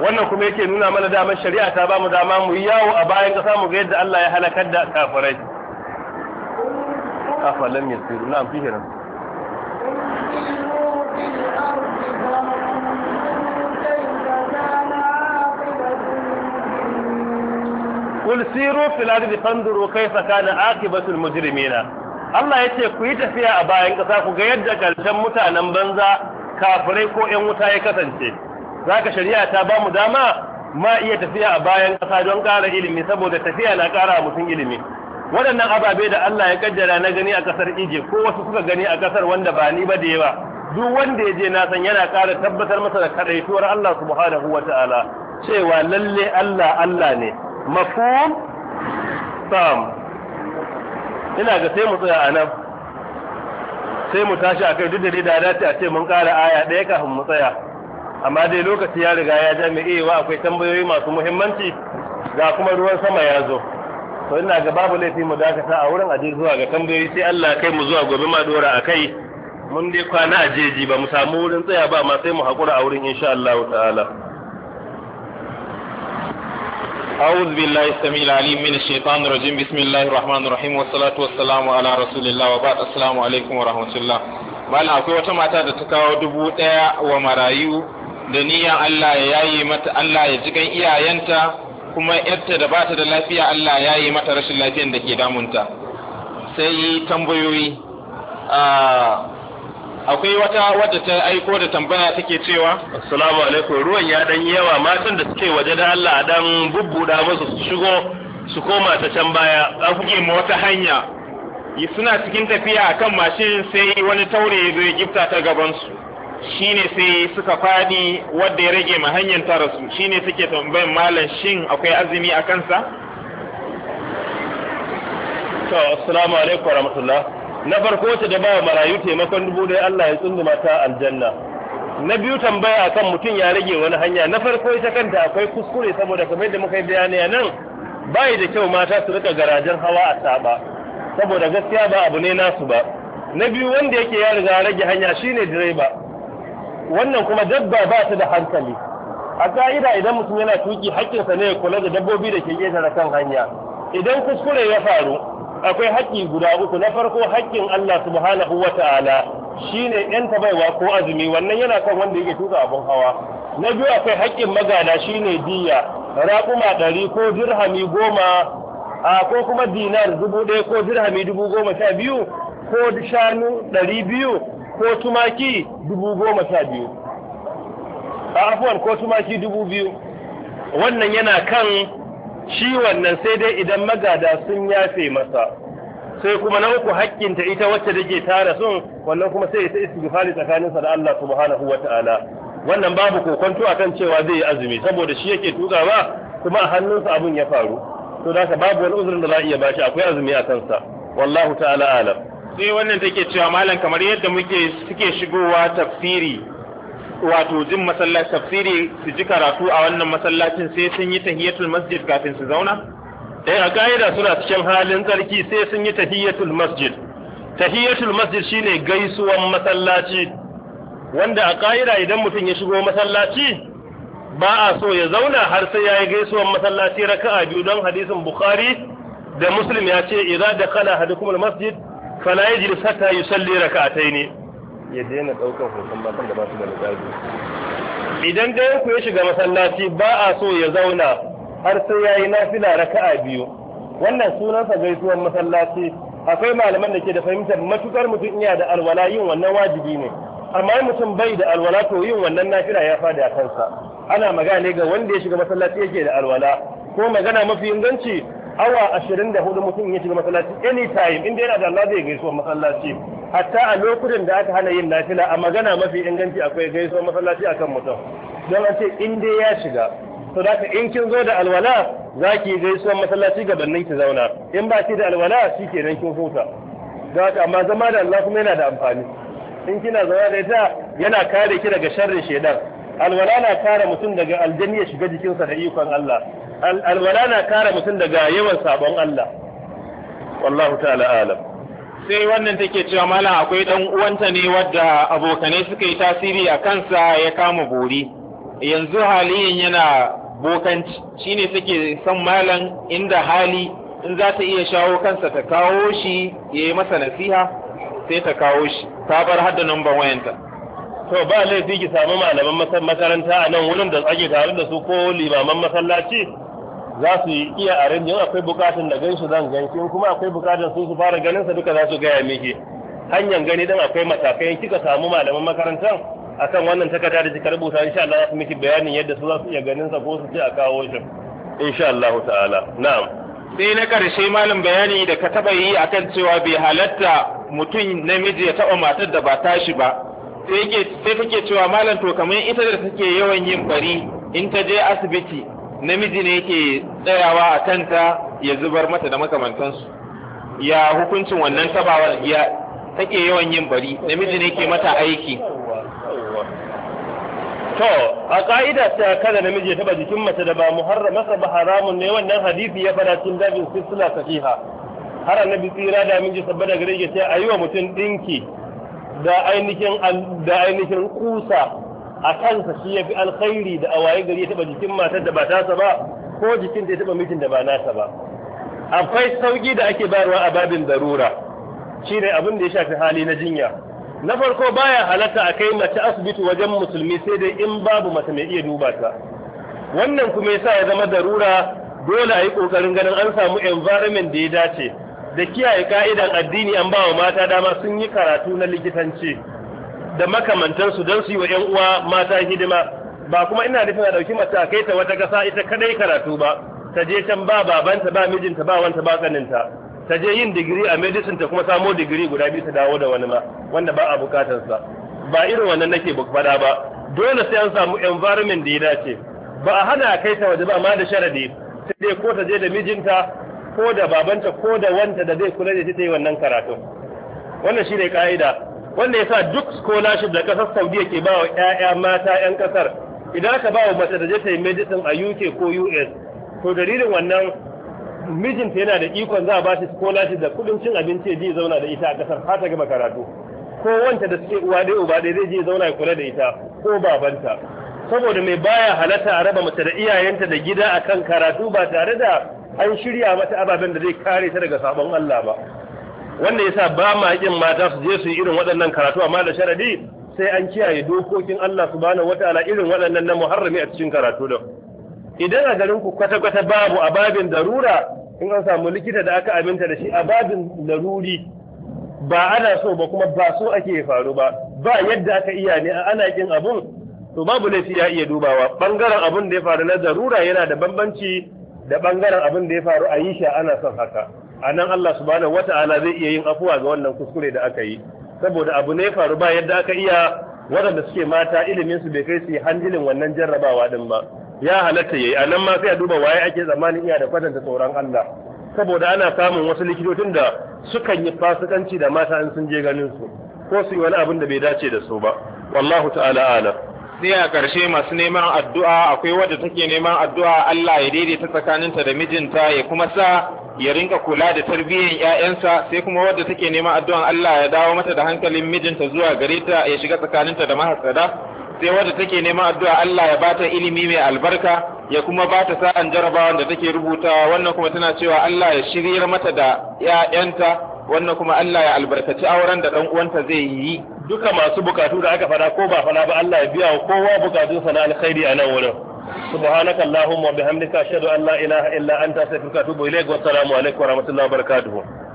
wannan kuma yake nuna mana damar shari'a ta bamu dama mu yawo a bayan kasa mu ga yadda Allah ya halakar da kafirai yasiru kul siru fil ardi fanduru kaifa kana akibatul mujrimina Allah yace ku yi tafiya a bayan kasa ku ga yadda karshen mutanen banza kafirai ko ƴan wuta ya kasance zaka shari'a ta ba mu dama ma iya tafiya a bayan kasa don ƙara ilimi saboda tafiya na ƙara mutum ilimi waɗannan ababe da Allah ya kaddara na gani a ƙasar Ije ko wasu suka gani a ƙasar wanda ba ni ba da yawa duk wanda ya je na san yana ƙara tabbatar masa da kadaituwar Allah subhanahu wata'ala cewa lalle Allah Allah ne mafum tam ina ga sai mu tsaya a nan sai mu tashi a kai duk da da dace a ce mun ƙara aya ɗaya kafin mu tsaya amma dai lokaci ya riga ya jami'ewa akwai tambayoyi masu muhimmanci ga kuma ruwan sama ya zo to ina ga babu laifi mu dakata a wurin aje zuwa ga tambayoyi sai Allah kai mu zuwa gobe ma dora a kai mun dai kwana a jeji ba mu samu wurin tsaya ba ma sai mu haƙura a wurin insha Allah ta'ala أعوذ بالله السميع العليم من الشيطان الرجيم بسم الله الرحمن الرحيم والصلاة والسلام على رسول الله وبعد السلام عليكم ورحمة الله malam akwai wata mata da ta kawo dubu ɗaya wa marayu da niyya Allah ya yayi mata Allah ya ji gan iyayenta kuma yarta da bata da lafiya Allah ya yi mata rashin lafiyan da ke damun ta sai tambayoyi akwai wata wadda ta aiko da tambaya take cewa assalamu alaikum ruwan ya dan yawa matan da suke waje da Allah a dan bubbuda musu su shigo su koma ta can baya an kuke ma wata hanya suna cikin tafiya akan mashin sai wani taure ya zo ya gifta ta gaban su shine sai suka fadi wadda ya rage ma hanyar ta rasu shine suke tambayan malam shin akwai azumi a kansa to assalamu alaikum warahmatullahi na farko ta da ba marayu taimakon dubu dai Allah ya tsunduma ta aljanna na biyu tambaya akan mutum ya rage wani hanya na farko ita kanta akwai kuskure saboda kamar da muka yi bayani a nan bai da kyau mata su rika garajen hawa a saba saboda gaskiya ba abu ne nasu ba na biyu wanda yake ya riga rage hanya shine direba wannan kuma dabba ba ta da hankali a ka'ida idan mutum yana tuki hakkinsa ne ya kula da dabbobi da ke ƙetare kan hanya idan kuskure ya faru akwai haƙƙi guda uku na farko haƙƙin Allah subhanahu wa ta'ala shine yan wa ko azumi wannan yana kan wanda yake tuka abun hawa na biyu akwai haƙƙin magana shine diya raƙuma ɗari ko dirhami goma a ko kuma dinar dubu ɗaya ko dirhami dubu goma sha biyu ko shanu ɗari biyu ko tumaki dubu goma sha biyu a afuwan ko tumaki dubu biyu wannan yana kan shi wannan sai dai idan magada sun yafe masa sai kuma na uku hakkinta ita wacce take tara sun wannan kuma sai ta istighfari sa da Allah subhanahu wata'ala wannan babu kokonto akan cewa zai yi azumi saboda shi yake tukawa kuma a hannunsa abun ya faru to da babu wani uzurin da za a iya bashi akwai azumi a kansa wallahu ta'ala alam sai wannan take cewa malam kamar yadda muke suke shigowa tafsiri wato jin masallaci tafsiri su ji karatu a wannan masallacin sai sun yi tahiyatul masjid kafin su zauna eh a kaida suna cikin halin tsarki sai sun yi tahiyatul masjid tahiyatul masjid shine gaisuwan masallaci wanda a kaida idan mutum ya shigo masallaci ba a so ya zauna har sai ya yi gaisuwan masallaci raka'a biyu don hadisin bukhari da muslim ya ce idza dakhala ahadukum al-masjid fala yajlis hatta yusalli ne. ya daina ɗaukar hoton matan da ba su da niƙabi idan dai ku ya shiga masallaci ba a so ya zauna har sai ya yi nafila raka'a biyu wannan sunansa gaisuwar masallaci akwai malaman da ke da fahimtar matukar mutum iya da alwala yin wannan wajibi ne amma mutum bai da alwala to yin wannan nafila ya fada a kansa ana magana ne ga wanda ya shiga masallaci yake da alwala ko magana mafi inganci awa ashirin da hudu mutum ya shiga masallaci anytime inda yana da Allah zai gaisuwar masallaci hatta a lokutan da aka hana yin nafila a magana mafi inganci akwai gaisuwa masallaci akan mutum don an ce in dai ya shiga to da in kin zo da alwala za ki gaisuwar masallaci gabanin ki zauna in ba ki da alwala shi nan kin huta don amma zama da Allah kuma yana da amfani in kina zaune da ita yana kare ki daga sharrin shedan alwala na kare mutum daga aljanni ya shiga jikinsa da ikon Allah alwala na kare mutum daga yawan sabon Allah wallahu ta'ala alam sai wannan take cewa mala akwai dan uwanta ne wadda abokanai suka yi tasiri a kansa ya kama bori yanzu haliyin yana bokanci shine suke son malam inda hali in za ta iya shawo kansa ta kawo shi ya yi masa nasiha sai ta kawo shi ta bar hadda namban wayanta to ba laifi ki samu malaman makaranta a nan wurin da tsage tare da su ko limaman masallaci za su yi iya a rin yau akwai bukatun da ganshi zan ganshi kuma akwai bukatun sun su fara ganin sa duka za su gaya miki hanyar gani dan akwai matakai kika samu malaman makarantar akan wannan takarda da kika rubuta insha Allah za su miki bayanin yadda su za su iya ganin sa ko su ce a kawo shi insha Allah ta'ala na'am sai na karshe malam bayani da ka taba yi akan cewa bai halatta mutum namiji ya taba matar da ba tashi ba sai kake cewa malam to kamar ita da take yawan yin bari in ta je asibiti namiji ne yake tsayawa a kanta ya zubar mata da makamantansu ya hukuncin wannan tabawar ya take yawan yin bari namiji ne ke mata aiki to a ka'ida ta kada namiji ya taba jikin mace da ba muharramasa ba haramun ne wannan hadisi ya fara cikin babin safiha. sahiha har annabi tsira da miji sabba da gare ya ce wa mutum dinki da ainihin da ainihin kusa a kansa shi ya fi alkhairi da a waye gari ya taba jikin matar da ba tasa ba ko jikin da ya taba mijin da ba nasa ba akwai sauki da ake bayarwa a babin darura shine abin da ya shafi hali na jinya na farko baya halatta a kai mace asibiti wajen musulmi sai dai in babu mace mai iya duba ta wannan kuma yasa ya zama darura dole a yi kokarin ganin an samu environment da ya dace da kiyaye ka'idan addini an ba wa mata dama sun yi karatu na likitanci da makamantansu don su yi wa 'yan uwa mata hidima ba kuma ina nufin a ɗauki mace kai ta wata ƙasa ita kadai karatu ba ta je can ba babanta ba mijinta ba wanta ba tsaninta, ta je yin digiri a medicine ta kuma samo digiri guda biyu ta dawo da wani ma wanda ba a sa. ba irin wannan nake faɗa ba dole sai an samu environment da ya dace ba a hana kai ta waje ba amma da sharadi sai dai ko ta je da mijinta ko da babanta ko da wanta da zai kula da ita yi wannan karatu wannan shi ne ka'ida wanda yasa duk scholarship da kasar Saudiya ke ba wa ƴaƴa mata ƴan kasar idan aka ba wa mace da je ta yi medicine a UK ko US to dalilin wannan mijinta yana da ikon za a ba shi scholarship da kudin cin abinci ji zauna da ita a kasar har ta gama karatu ko wanta da suke uwa dai uba dai zai je zauna ya kula da ita ko babanta saboda mai baya halatta a raba mace da iyayenta da gida akan karatu ba tare da an shirya mata ababen da zai kare ta daga sabon Allah ba wanda ya sa ba ma yin mata su je su yi irin waɗannan karatu amma da sharadi sai an kiyaye dokokin Allah subhanahu wataala irin waɗannan na muharrami a cikin karatu da idan a garin ku kwata kwata babu a babin darura in an samu likita da aka aminta da shi a babin daruri, ba ana so ba kuma ba so ake faru ba ba yadda aka iya ne ana kin abun to babu laifi ya iya dubawa bangaren abun da ya faru na darura yana da bambanci da bangaren abin da ya faru a ana son haka a nan Allah subhanahu ala zai iya yin afuwa ga wannan kuskure da aka yi saboda abu ne faru ba yadda aka iya waɗanda suke mata ilimin su bai kai su yi handilin wannan jarrabawa din ba ya halatta yayi a nan ma sai a duba waye ake tsammanin iya da kwatanta tsoron Allah saboda ana samun wasu likitocin da sukan yi fasikanci da mata in sun je ganin su ko su yi wani abin da bai dace da su ba wallahu ta'ala alam sai a ƙarshe masu neman addu'a akwai wadda take neman addu'a Allah ya daidaita tsakaninta da mijinta ya kuma sa ya rinka kula da tarbiyyar ‘ya'yansa sai kuma wadda take neman addu'an Allah ya dawo mata da hankalin mijinta zuwa gare ta ya shiga tsakaninta da mahasada sai wadda take neman addu'a Allah ya bata ilimi mai albarka ya kuma bata sa'an jarabawan da take rubutawa. wannan kuma tana cewa Allah ya shirya mata da ‘ya'yanta wannan kuma Allah ya albarkaci auren da ɗan uwanta zai yi duka masu bukatu da aka fada ko ba fada ba Allah ya biya wa kowa bukatunsa na alkhairi a nan wurin subhanaka allahumma wa bihamdika ashhadu an la ilaha illa anta astaghfiruka wa atubu ilaik wa assalamu alaikum wa rahmatullahi wa barakatuh